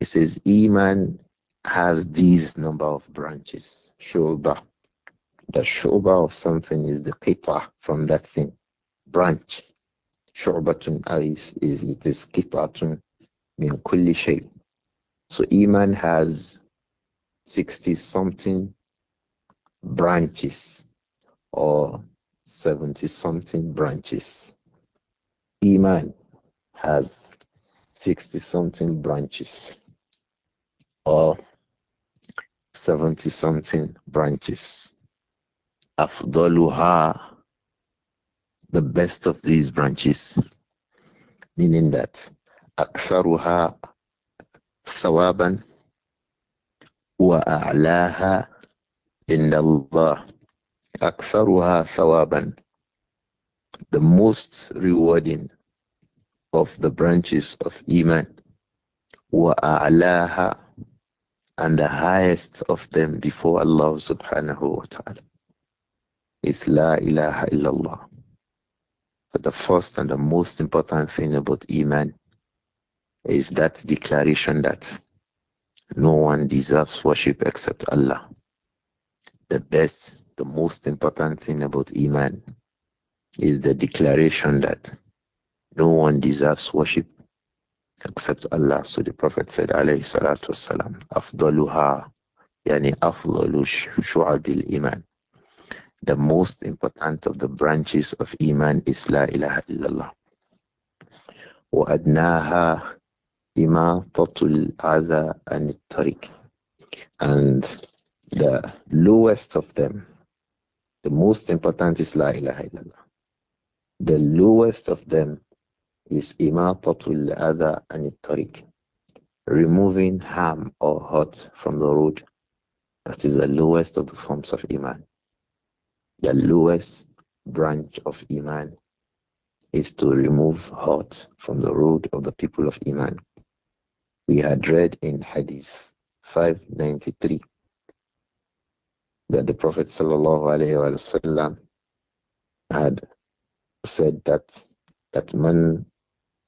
B: It says Iman has these number of branches. Shoba. The shoba of something is the qita from that thing. Branch. Shobatun is, is it is qitatun min kulli shay. So Iman has 60 something branches or 70 something branches. Iman has 60 something branches or 70 something branches. Afdoluha, the best of these branches, meaning that Aksaruha Thawaban wa A'laha Indallah. Aksaruha Thawaban, the most rewarding of the branches of Iman wa A'laha and the highest of them before Allah subhanahu wa ta'ala is La ilaha illallah. So the first and the most important thing about Iman is that declaration that no one deserves worship except Allah. The best, the most important thing about Iman is the declaration that no one deserves worship except Allah. So the Prophet said, alayhi salatu salam." afdaluha, yani afdalu shu'abil iman. The most important of the branches of iman is la ilaha illallah. Wa adnaha imatatul adha anit tariq. And the lowest of them, the most important is la ilaha illallah. The lowest of them is imatatul adha anitarik, removing harm or hurt from the road. That is the lowest of the forms of iman. The lowest branch of iman is to remove hurt from the road of the people of iman. We had read in Hadith 593 that the Prophet sallallahu wasallam had said that that man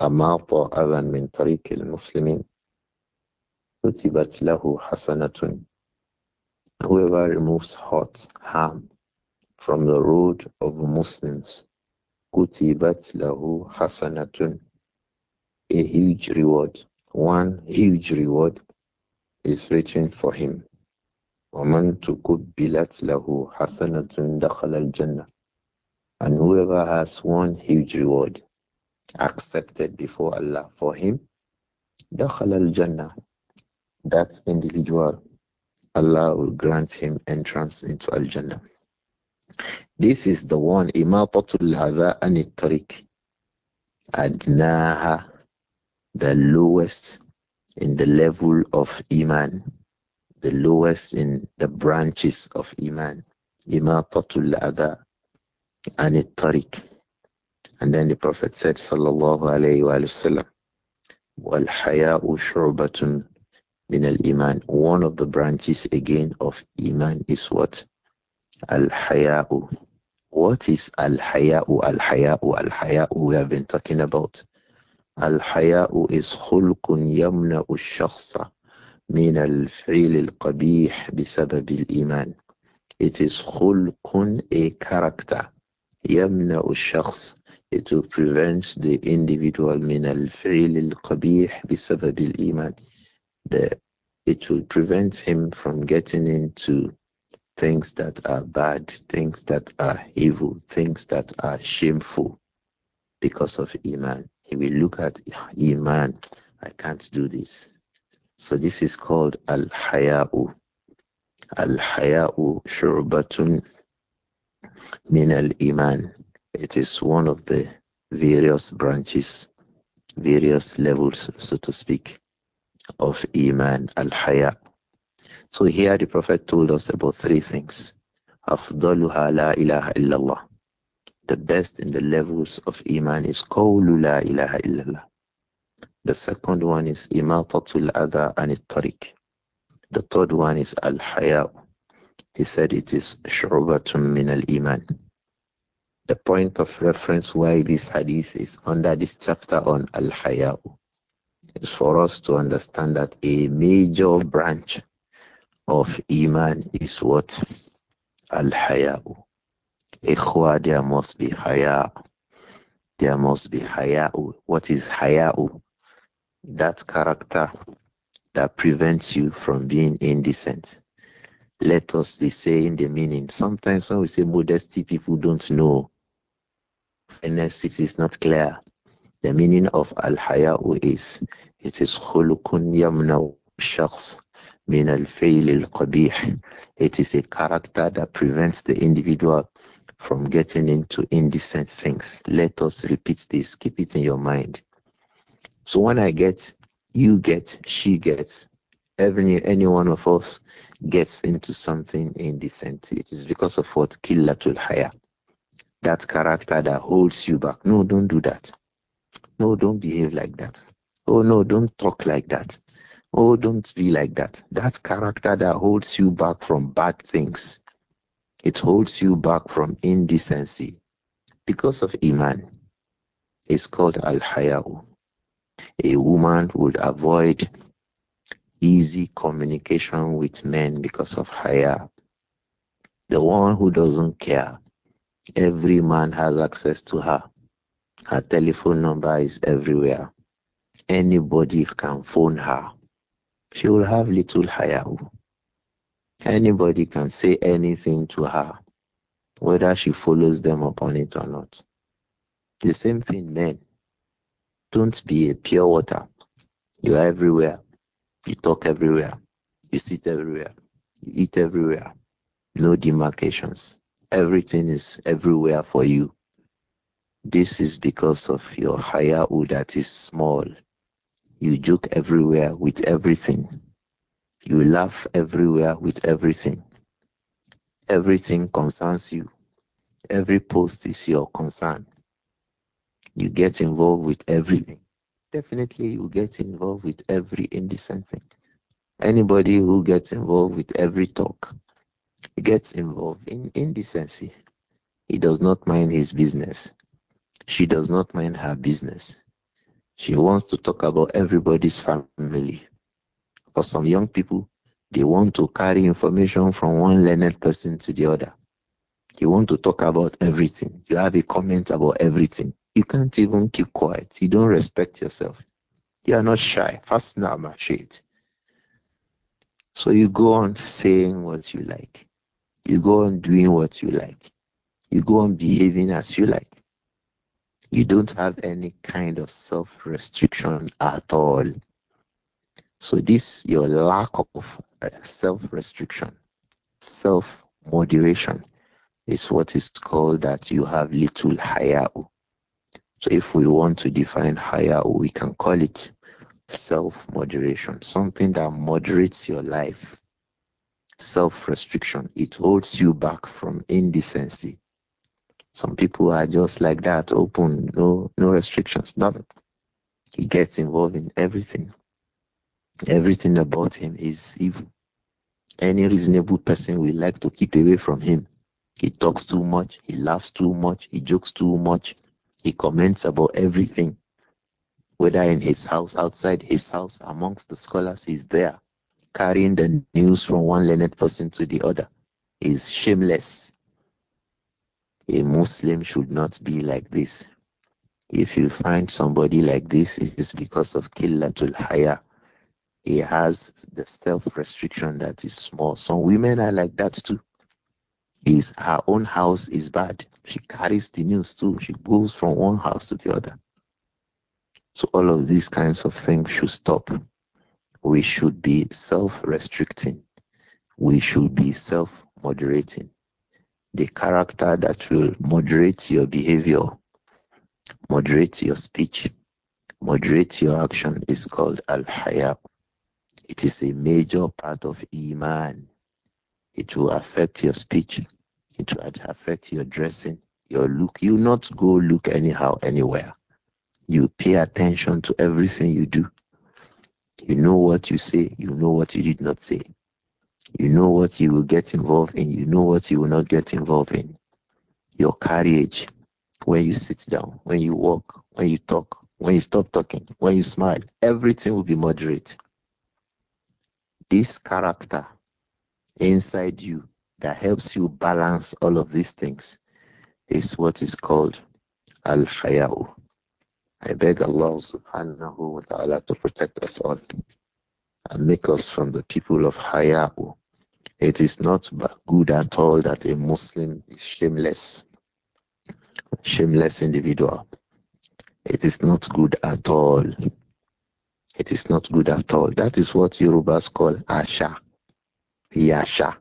B: أماط أذى من طريق المسلمين كتبت له حسنة Whoever removes hot harm from the road of Muslims, كتبت له حسنة A huge reward, one huge reward is written for him. ومن تقبلت له حسنة دخل الجنة and whoever has one huge reward accepted before Allah for him, دخل الجنة. That individual, Allah will grant him entrance into Al Jannah. This is the one, imatatul hadha anitarik. Adnaha, the lowest in the level of Iman, the lowest in the branches of Iman. Imatatul adha anitarik and then the Prophet said, Sallallahu Alaihi Wasallam, Wal Haya Shu'batun min al Iman. One of the branches again of Iman is what? Al Haya'u. What is Al Haya'u? Al Haya'u, Al Haya'u, we have been talking about. Al Haya'u is khulqun Yamna shakhsa min al fi'l al qabih bisabab al Iman. It is khulqun, a character. Yamna الشخص it will prevent the individual min al fi'l al qabih bisabab iman it will prevent him from getting into things that are bad things that are evil things that are shameful because of iman he will look at iman i can't do this so this is called al haya'u al haya'u shurbatun min al iman it is one of the various branches, various levels, so to speak, of Iman al-Haya. So here the Prophet told us about three things. Afdaluha لا إله إلا The best in the levels of Iman is قول لا إله إلا The second one is إماطة adha عن الطريق. The third one is al-Haya. He said it is min al-iman the point of reference why this hadith is under this chapter on Al Hayau is for us to understand that a major branch of Iman is what? Al Hayau. Ikhwa, there must be Haya. There must be Hayau. What is Hayau? That character that prevents you from being indecent. Let us be saying the meaning. Sometimes when we say modesty, people don't know unless it is not clear. The meaning of al haya'u is it is khulukun yamnaw shakhs min al fail al qabih. It is a character that prevents the individual from getting into indecent things. Let us repeat this, keep it in your mind. So when I get, you get, she gets, every any one of us gets into something indecent. It is because of what killatul haya that character that holds you back. No, don't do that. No, don't behave like that. Oh, no, don't talk like that. Oh, don't be like that. That character that holds you back from bad things. It holds you back from indecency. Because of Iman, it's called Al Hayau. A woman would avoid easy communication with men because of Haya. The one who doesn't care Every man has access to her. Her telephone number is everywhere. Anybody can phone her. She will have little hayahu. Anybody can say anything to her, whether she follows them upon it or not. The same thing, men. Don't be a pure water. You are everywhere. You talk everywhere. You sit everywhere. You eat everywhere. No demarcations everything is everywhere for you. This is because of your higher who that is small. You joke everywhere with everything. You laugh everywhere with everything. Everything concerns you. Every post is your concern. You get involved with everything. Definitely, you get involved with every indecent thing. Anybody who gets involved with every talk, gets involved in indecency. He does not mind his business. She does not mind her business. She wants to talk about everybody's family. For some young people, they want to carry information from one learned person to the other. You want to talk about everything. You have a comment about everything. You can't even keep quiet. You don't respect yourself. You are not shy. Fasten up my shade. So you go on saying what you like. You go on doing what you like. You go on behaving as you like. You don't have any kind of self restriction at all. So, this, your lack of uh, self restriction, self moderation, is what is called that you have little hayao. So, if we want to define hayao, we can call it self moderation, something that moderates your life self restriction. It holds you back from indecency. Some people are just like that, open, no, no restrictions, nothing. He gets involved in everything. Everything about him is evil. Any reasonable person will like to keep away from him. He talks too much, he laughs too much, he jokes too much, he comments about everything, whether in his house, outside his house, amongst the scholars, he's there carrying the news from one learned person to the other is shameless. A Muslim should not be like this. If you find somebody like this, it is because of killatul haya. He has the self restriction that is small. Some women are like that too. Is her own house is bad. She carries the news too. She goes from one house to the other. So all of these kinds of things should stop we should be self restricting, we should be self moderating. The character that will moderate your behavior, moderate your speech, moderate your action is called al haya. It is a major part of iman. It will affect your speech, it will affect your dressing, your look. You not go look anyhow anywhere. You pay attention to everything you do. You know what you say, you know what you did not say. You know what you will get involved in, you know what you will not get involved in. Your carriage, when you sit down, when you walk, when you talk, when you stop talking, when you smile, everything will be moderate. This character inside you that helps you balance all of these things is what is called al khayau I beg Allah subhanahu wa ta'ala to protect us all and make us from the people of Hayahu. It is not good at all that a Muslim is shameless, shameless individual. It is not good at all. It is not good at all. That is what Yorubas call Asha. Yasha.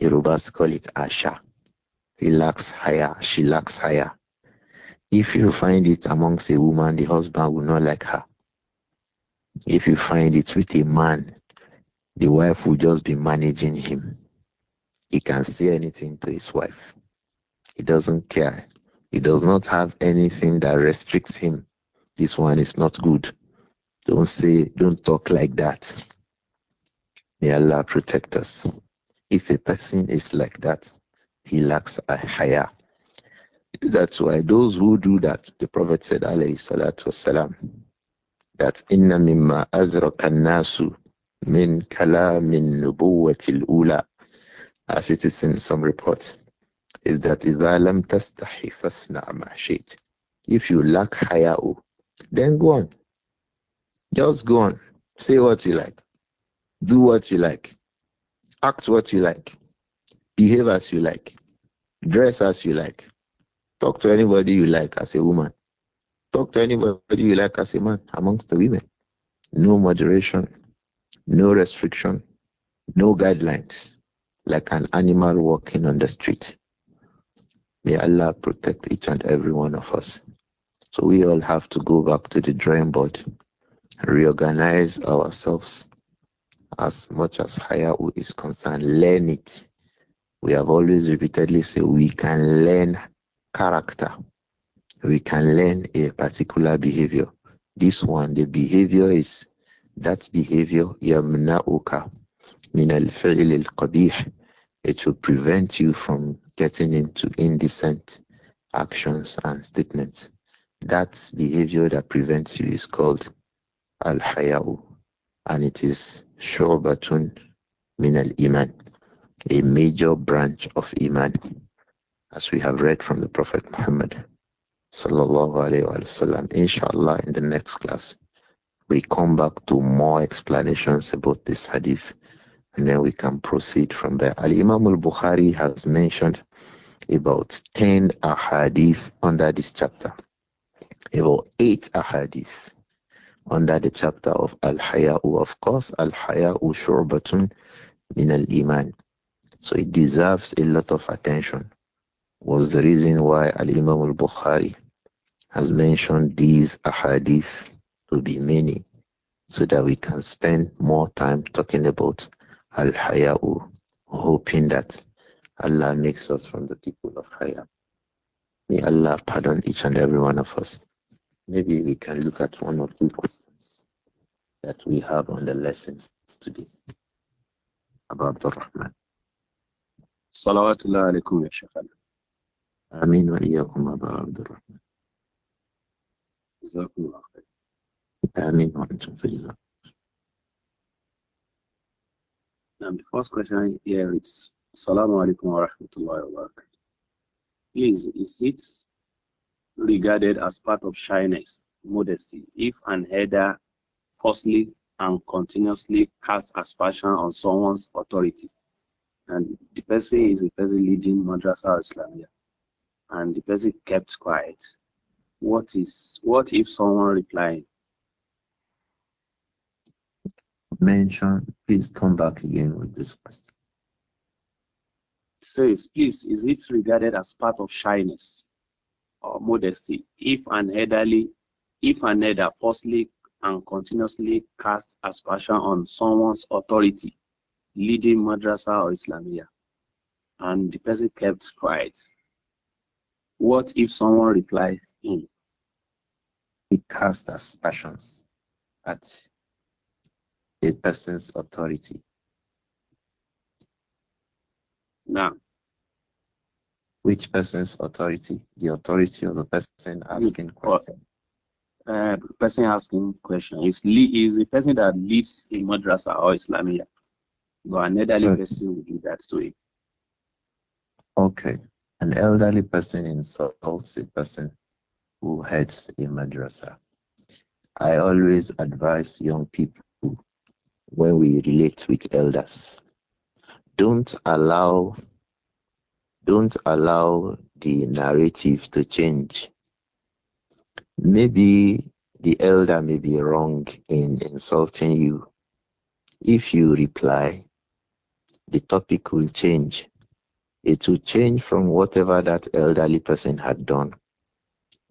B: Yorubas call it Asha. He lacks higher. She lacks higher. If you find it amongst a woman, the husband will not like her. If you find it with a man, the wife will just be managing him. He can say anything to his wife. He doesn't care. He does not have anything that restricts him. This one is not good. Don't say, don't talk like that. May Allah protect us. If a person is like that, he lacks a haya. That's why those who do that, the Prophet said, alayhi salatu wasalam, that inna mimma azraka nasu min kalamin nubuwatil ula, as it is in some reports, is that idha lam tastahi fasna shayt. If you lack haya'u, then go on. Just go on. Say what you like. Do what you like. Act what you like. Behave as you like. Dress as you like. Talk to anybody you like as a woman. Talk to anybody you like as a man amongst the women. No moderation, no restriction, no guidelines, like an animal walking on the street. May Allah protect each and every one of us. So we all have to go back to the drawing board, reorganize ourselves as much as higher is concerned, learn it. We have always repeatedly said we can learn character. We can learn a particular behavior. This one, the behavior is that behavior yamna'uka min al-fi'l al It will prevent you from getting into indecent actions and statements. That behavior that prevents you is called al-haya'u and it is shu'batun min al-iman, a major branch of iman as we have read from the Prophet Muhammad sallallahu alaihi wasallam. Inshallah, in the next class, we come back to more explanations about this hadith, and then we can proceed from there. Al Imam al Bukhari has mentioned about ten ahadith under this chapter, about eight ahadith under the chapter of al hayau. Of course, al hayau shurbatun min al iman. So it deserves a lot of attention was the reason why Al Imam al Bukhari has mentioned these ahadith to be many so that we can spend more time talking about Al Haya'u, hoping that Allah makes us from the people of Haya. May Allah pardon each and every one of us. Maybe we can look at one or two questions that we have on the lessons today. About the Rahman.
A: Salawatullah alaikum, ya آمين وإياكم أبا عبد الرحمن جزاكم الله خير آمين وأنتم في الجزاء Now the first question here is Assalamu alaikum wa rahmatullahi wa barakatuh. Please, is it regarded as part of shyness, modesty, if an header falsely and continuously casts aspersion on someone's authority and the person is a person leading Madrasa Islamia? and the person kept quiet, what is what if someone replied?
B: Mention, please come back again with this question.
A: Says, please, is it regarded as part of shyness or modesty if an elderly, if an elder falsely and continuously casts aspersion on someone's authority, leading madrasa or Islamia, and the person kept quiet? What if someone replies in?
B: He casts aspersions at a person's authority. Now, which person's authority? The authority of the person hmm, asking
A: question. Uh, person asking question is is the person that lives in madrasa or Islamia. But another okay. person will do that to him.
B: Okay. An elderly
A: person insults a person
B: who heads a madrasa. I always advise young people when we relate with elders. Don't allow don't allow the narrative to change. Maybe the elder may be wrong in insulting you. If you reply, the topic will change. It will change from whatever that elderly person had done.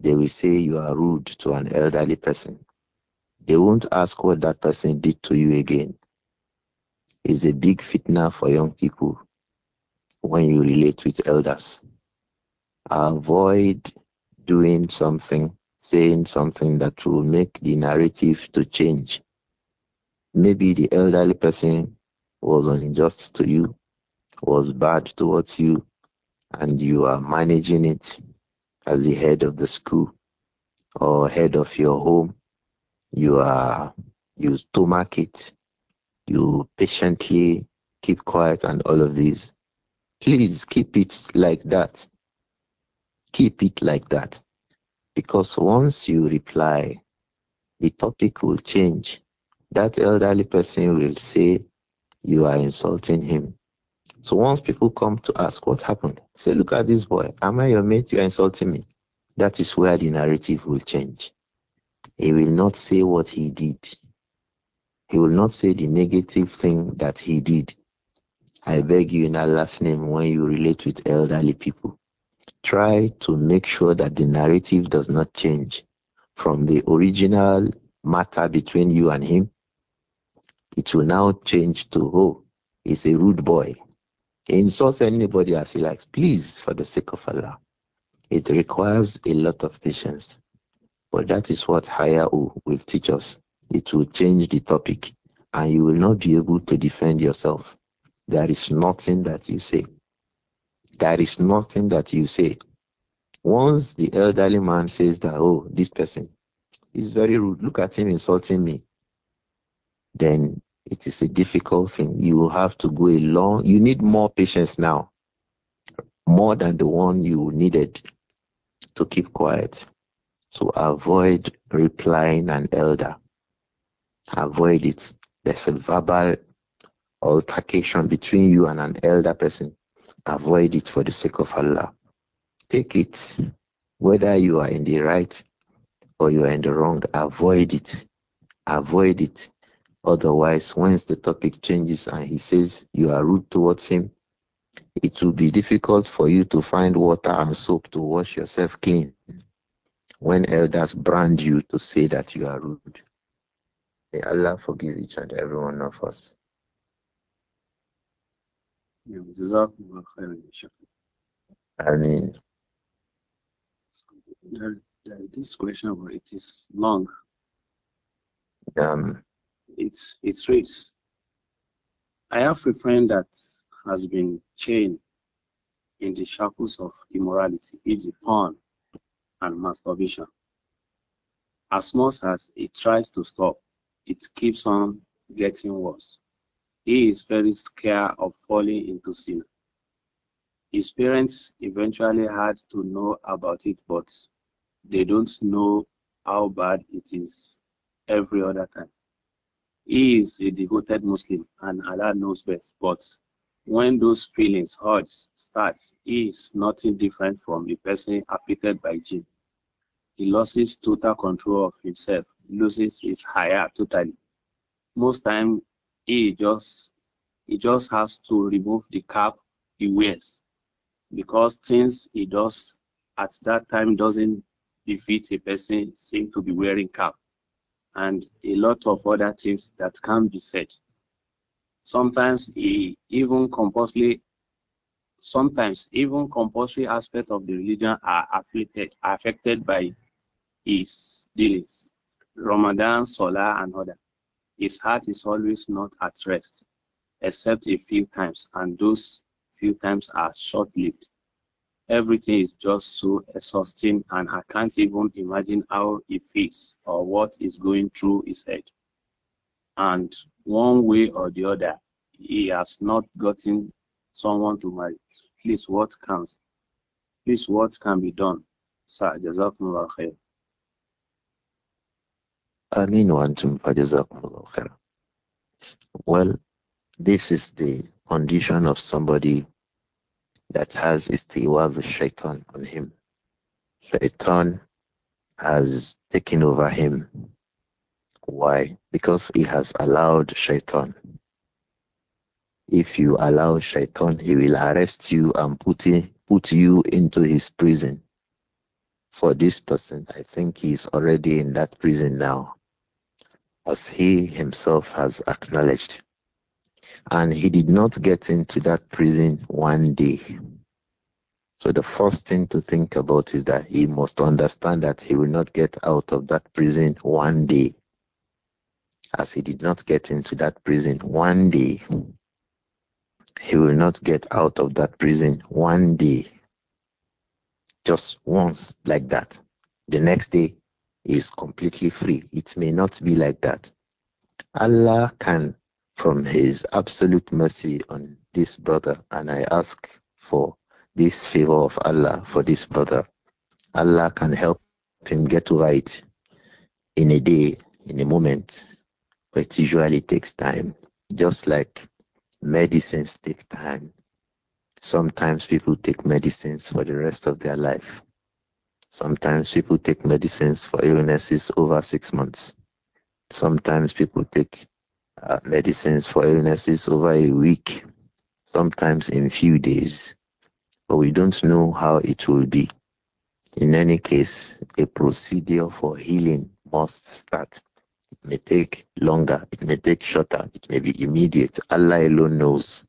B: They will say you are rude to an elderly person. They won't ask what that person did to you again. It's a big fitna for young people when you relate with elders. Avoid doing something, saying something that will make the narrative to change. Maybe the elderly person was unjust to you was bad towards you and you are managing it as the head of the school or head of your home, you are you stomach it, you patiently keep quiet and all of these. Please keep it like that. Keep it like that. Because once you reply, the topic will change. That elderly person will say you are insulting him. So once people come to ask what happened, say, look at this boy. Am I your mate? You're insulting me. That is where the narrative will change. He will not say what he did. He will not say the negative thing that he did. I beg you in Allah's name, when you relate with elderly people, try to make sure that the narrative does not change from the original matter between you and him. It will now change to, oh, he's a rude boy insults anybody as he likes. Please, for the sake of Allah. It requires a lot of patience. But that is what Haya will teach us. It will change the topic and you will not be able to defend yourself. There is nothing that you say. There is nothing that you say. Once the elderly man says that, oh, this person is very rude, look at him insulting me, then it is a difficult thing. You will have to go a long. You need more patience now, more than the one you needed to keep quiet. So avoid replying an elder. Avoid it. There's a verbal altercation between you and an elder person. Avoid it for the sake of Allah. Take it, whether you are in the right or you are in the wrong. Avoid it. Avoid it. Otherwise, once the topic changes and he says you are rude towards him, it will be difficult for you to find water and soap to wash yourself clean when elders brand you to say that you are rude. May Allah forgive each
A: and every one of us. I mean, there, there is this question, it is long. Um, its its rates. I have a friend that has been chained in the shackles of immorality, e.g., porn and masturbation. As much as he tries to stop, it keeps on getting worse. He is very scared of falling into sin. His parents eventually had to know about it, but they don't know how bad it is every other time he is a devoted Muslim and Allah knows best. But when those feelings, hurts, starts, he is nothing different from a person affected by jinn. He loses total control of himself, loses his higher totally. Most time he just he just has to remove the cap he wears because things he does at that time doesn't defeat a person seem to be wearing cap and a lot of other things that can be said. Sometimes even compulsory, sometimes even compulsory aspects of the religion are afflicted, affected by his dealings. Ramadan, solar, and other. His heart is always not at rest, except a few times, and those few times are short-lived everything is just so exhausting and I can't even imagine how it feels or what is going through his head. And one way or the other, he has not gotten someone to marry. Please, what can, please, what can be done? Sir, Jazakumullah khair.
B: Amin wa Well, this is the condition of somebody that has istiwaz shaitan on him. Shaitan has taken over him. Why? Because he has allowed shaitan. If you allow shaitan, he will arrest you and put, in, put you into his prison. For this person, I think he is already in that prison now, as he himself has acknowledged and he did not get into that prison one day. So the first thing to think about is that he must understand that he will not get out of that prison one day, as he did not get into that prison one day. He will not get out of that prison one day, just once like that. The next day is completely free. It may not be like that. Allah can from His absolute mercy on this brother, and I ask for this favor of Allah for this brother. Allah can help him get right in a day, in a moment, but it usually takes time, just like medicines take time. Sometimes people take medicines for the rest of their life. Sometimes people take medicines for illnesses over six months. Sometimes people take uh, medicines for illnesses over a week, sometimes in few days, but we don't know how it will be. In any case, a procedure for healing must start. It may take longer, it may take shorter, it may be immediate. Allah alone knows.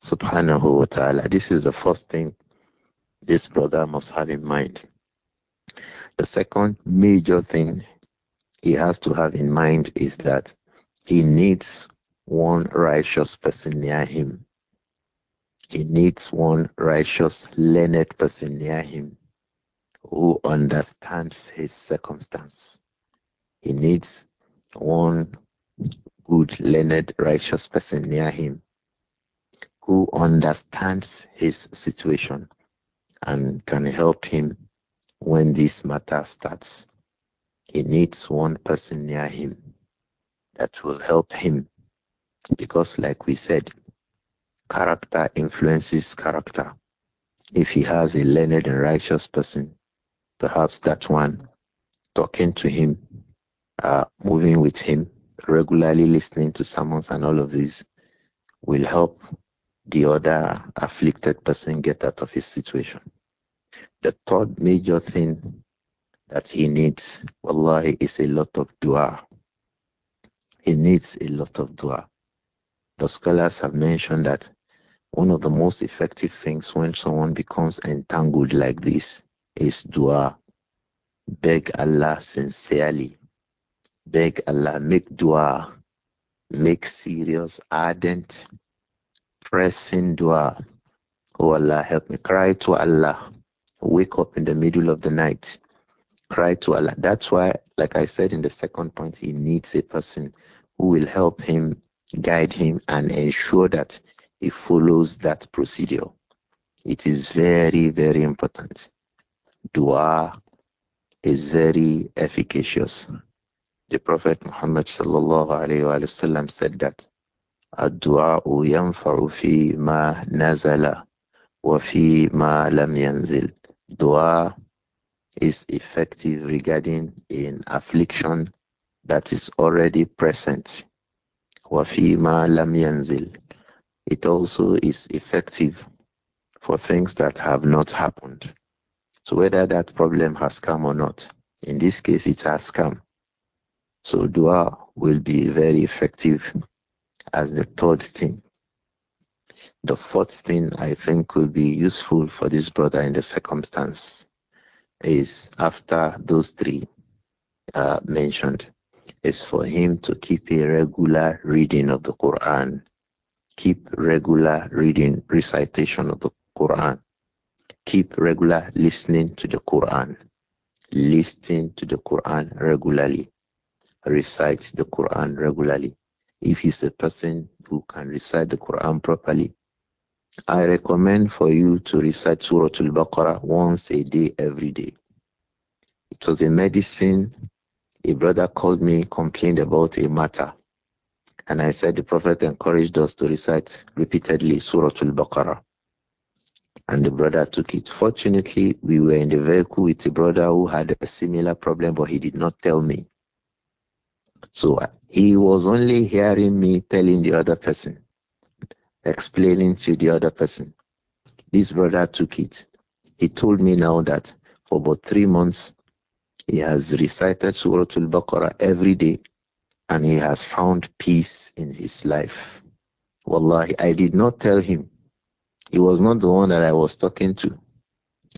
B: Subhanahu wa ta'ala. This is the first thing this brother must have in mind. The second major thing he has to have in mind is that he needs one righteous person near him. He needs one righteous, learned person near him who understands his circumstance. He needs one good, learned, righteous person near him who understands his situation and can help him when this matter starts. He needs one person near him that will help him. Because, like we said, character influences character. If he has a learned and righteous person, perhaps that one talking to him, uh, moving with him, regularly listening to sermons and all of these will help the other afflicted person get out of his situation. The third major thing that he needs, wallahi, is a lot of dua it needs a lot of dua. The scholars have mentioned that one of the most effective things when someone becomes entangled like this is dua. Beg Allah sincerely. Beg Allah, make dua. Make serious, ardent, pressing dua. Oh Allah, help me. Cry to Allah. Wake up in the middle of the night cry to Allah. That's why, like I said in the second point, he needs a person who will help him, guide him, and ensure that he follows that procedure. It is very, very important. Dua is very efficacious. The Prophet Muhammad وسلم, said that الدعاء ينفع في ما نزل وفي ما لم ينزل. Dua is effective regarding an affliction that is already present. Wafima lam yanzil. It also is effective for things that have not happened. So whether that problem has come or not, in this case it has come. So dua will be very effective as the third thing. The fourth thing I think will be useful for this brother in the circumstance is after those three uh, mentioned is for him to keep a regular reading of the Quran, keep regular reading, recitation of the Quran, keep regular listening to the Quran, listening to the Quran regularly, recite the Quran regularly. If he's a person who can recite the Quran properly, I recommend for you to recite Surah Al-Baqarah once a day, every day. It was a medicine a brother called me, complained about a matter. And I said the Prophet encouraged us to recite repeatedly Surah Al-Baqarah. And the brother took it. Fortunately, we were in the vehicle with a brother who had a similar problem, but he did not tell me. So he was only hearing me telling the other person explaining to the other person. This brother took it. He told me now that for about three months he has recited Surah Al Baqarah every day and he has found peace in his life. Wallahi, I did not tell him. He was not the one that I was talking to.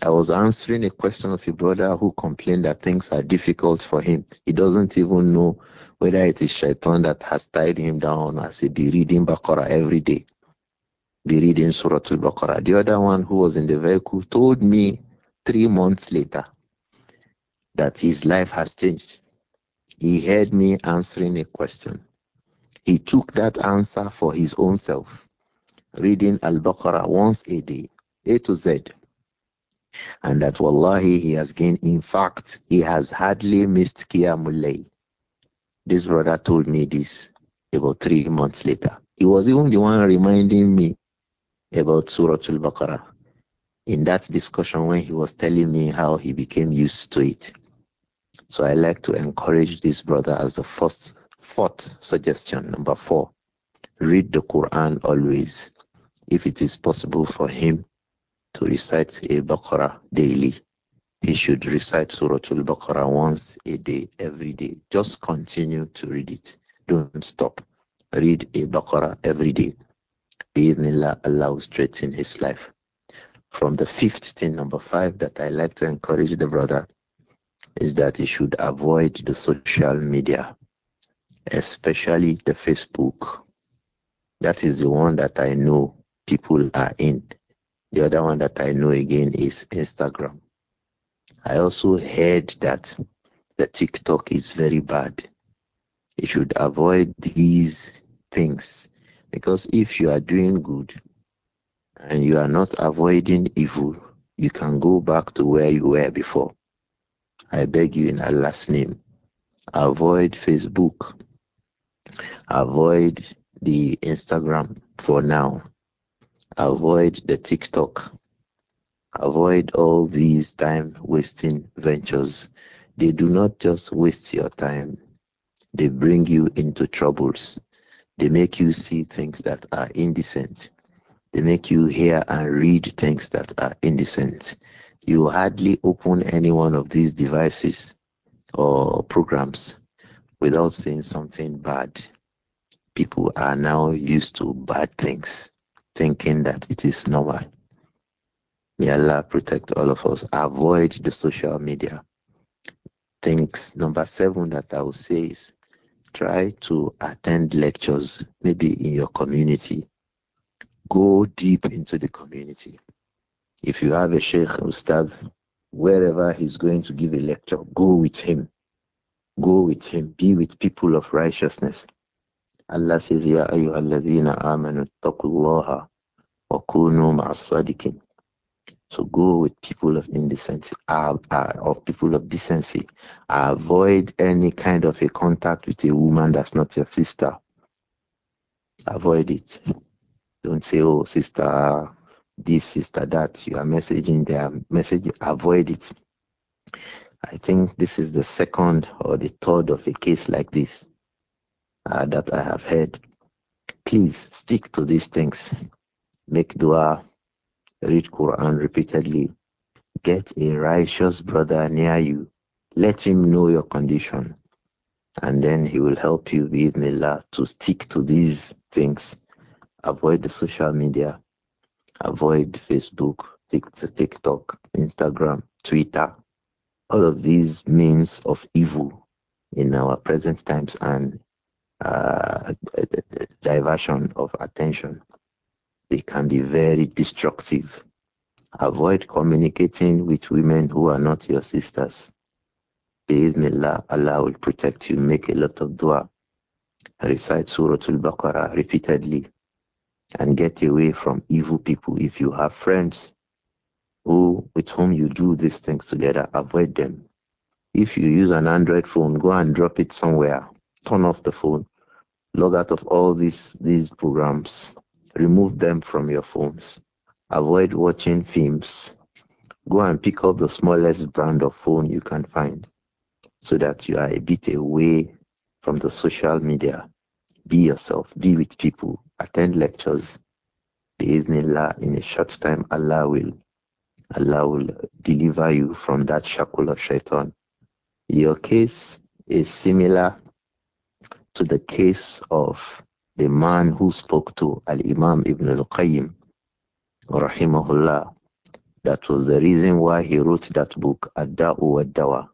B: I was answering a question of a brother who complained that things are difficult for him. He doesn't even know whether it is shaitan that has tied him down as he be reading Baqarah every day be reading Surah Al-Baqarah. The other one who was in the vehicle told me three months later that his life has changed. He heard me answering a question. He took that answer for his own self, reading Al-Baqarah once a day, A to Z. And that wallahi he has gained. In fact, he has hardly missed Qiyamul Muley. This brother told me this about three months later. He was even the one reminding me about Surah Al Baqarah. In that discussion, when he was telling me how he became used to it. So I like to encourage this brother as the first, fourth suggestion. Number four, read the Quran always. If it is possible for him to recite a Baqarah daily, he should recite Surah Al Baqarah once a day, every day. Just continue to read it. Don't stop. Read a Baqarah every day. Bismillah, Allah straight in his life. From the fifth thing, number five, that I like to encourage the brother is that he should avoid the social media, especially the Facebook. That is the one that I know people are in. The other one that I know again is Instagram. I also heard that the TikTok is very bad. He should avoid these things because if you are doing good and you are not avoiding evil, you can go back to where you were before. I beg you in Allah's name, avoid Facebook, avoid the Instagram for now, avoid the TikTok, avoid all these time wasting ventures. They do not just waste your time, they bring you into troubles. They make you see things that are indecent. They make you hear and read things that are indecent. You hardly open any one of these devices or programs without seeing something bad. People are now used to bad things, thinking that it is normal. May Allah protect all of us. Avoid the social media. Things number seven that I will say is Try to attend lectures, maybe in your community. Go deep into the community. If you have a Sheikh Ustad, wherever he's going to give a lecture, go with him. Go with him. Be with people of righteousness. Allah says, Ya ayyuhalladhina amanu taqullaha wa kunu ma'as-sadiqin to go with people of indecency, uh, uh, of people of decency. Avoid any kind of a contact with a woman that's not your sister. Avoid it. Don't say, "Oh, sister, this, sister, that." You are messaging their message. Avoid it. I think this is the second or the third of a case like this uh, that I have heard. Please stick to these things. Make dua read Quran repeatedly. Get a righteous brother near you. Let him know your condition. And then he will help you, with bi'idhnillah, to stick to these things. Avoid the social media. Avoid Facebook, TikTok, Instagram, Twitter. All of these means of evil in our present times and uh, diversion of attention they can be very destructive. Avoid communicating with women who are not your sisters. Bismillah, Allah will protect you. Make a lot of dua. Recite Surah Al-Baqarah repeatedly and get away from evil people. If you have friends who, with whom you do these things together, avoid them. If you use an Android phone, go and drop it somewhere. Turn off the phone. Log out of all these these programs remove them from your phones. Avoid watching films. Go and pick up the smallest brand of phone you can find so that you are a bit away from the social media. Be yourself, be with people, attend lectures. Be in a short time, Allah will Allah will deliver you from that shackle of shaitan. Your case is similar to the case of the man who spoke to Al Imam Ibn Al Qayyim, rahimahullah. That was the reason why he wrote that book, Adda'u wa Dawa.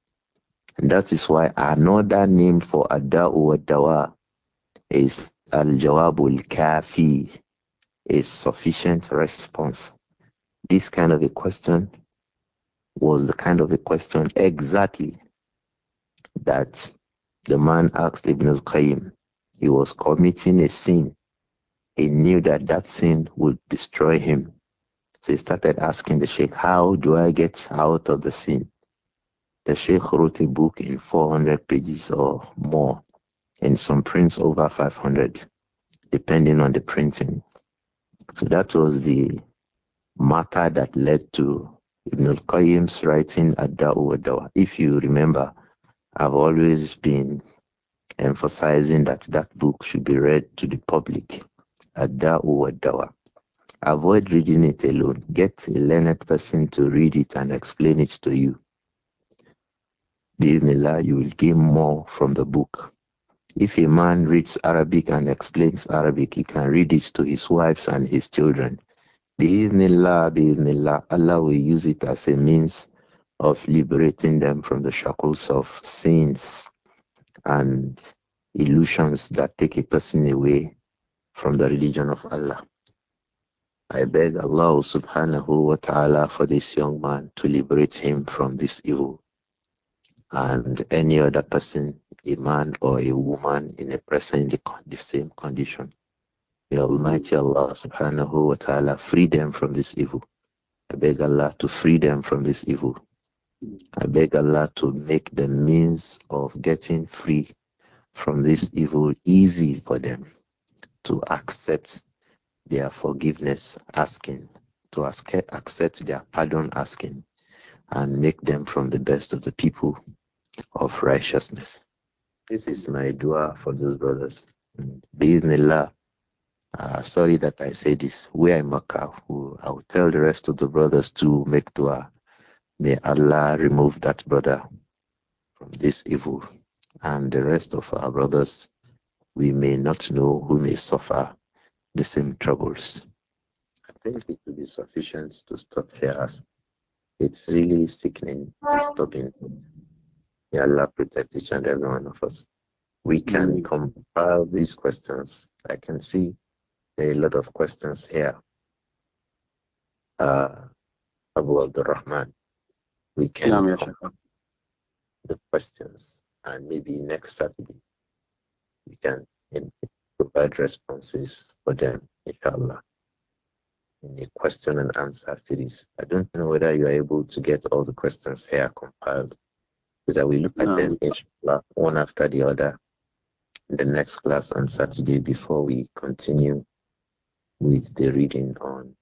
B: And that is why another name for Adda'u wa Dawa is Al Jawabul Kafi, a sufficient response. This kind of a question was the kind of a question exactly that the man asked Ibn al Qayyim he was committing a sin. He knew that that sin would destroy him. So he started asking the sheikh, How do I get out of the sin? The sheikh wrote a book in 400 pages or more, and some prints over 500, depending on the printing. So that was the matter that led to Ibn al-Qayyim's writing at Da'u Dawa. If you remember, I've always been emphasizing that that book should be read to the public. Ad-da'u dawa Avoid reading it alone. Get a learned person to read it and explain it to you. Bismillah, you will gain more from the book. If a man reads Arabic and explains Arabic, he can read it to his wives and his children. Bismillah, Bismillah, Allah will use it as a means of liberating them from the shackles of sins and illusions that take a person away from the religion of Allah. I beg Allah subhanahu wa ta'ala for this young man to liberate him from this evil and any other person, a man or a woman in a person in the, the same condition. May Almighty Allah subhanahu wa ta'ala free them from this evil. I beg Allah to free them from this evil. I beg Allah to make the means of getting free from this evil easy for them to accept their forgiveness asking, to ask, accept their pardon asking, and make them from the best of the people of righteousness. This is my dua for those brothers. Bismillah. Uh, sorry that I say this. We are in Makkah. I will tell the rest of the brothers to make dua May Allah remove that brother from this evil and the rest of our brothers we may not know who may suffer the same troubles. I think it will be sufficient to stop here as it's really sickening, disturbing. May Allah protect each and every one of us. We can mm. compile these questions. I can see a lot of questions here. Uh, Abu Abdul Rahman we can no, the questions and maybe next Saturday we can provide responses for them, inshallah, in the question and answer series. I don't know whether you are able to get all the questions here compiled so that we look no. at them, inshallah, one after the other in the next class on Saturday before we continue with the reading on.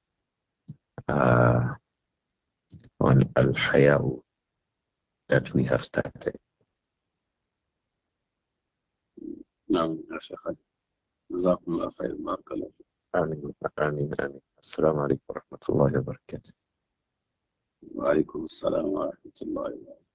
B: Uh, on Al Hayaw that we have started.
A: نعم يا شيخ جزاكم الله خير بارك الله فيك آمين آمين آمين السلام عليكم ورحمة الله وبركاته وعليكم السلام ورحمة الله وبركاته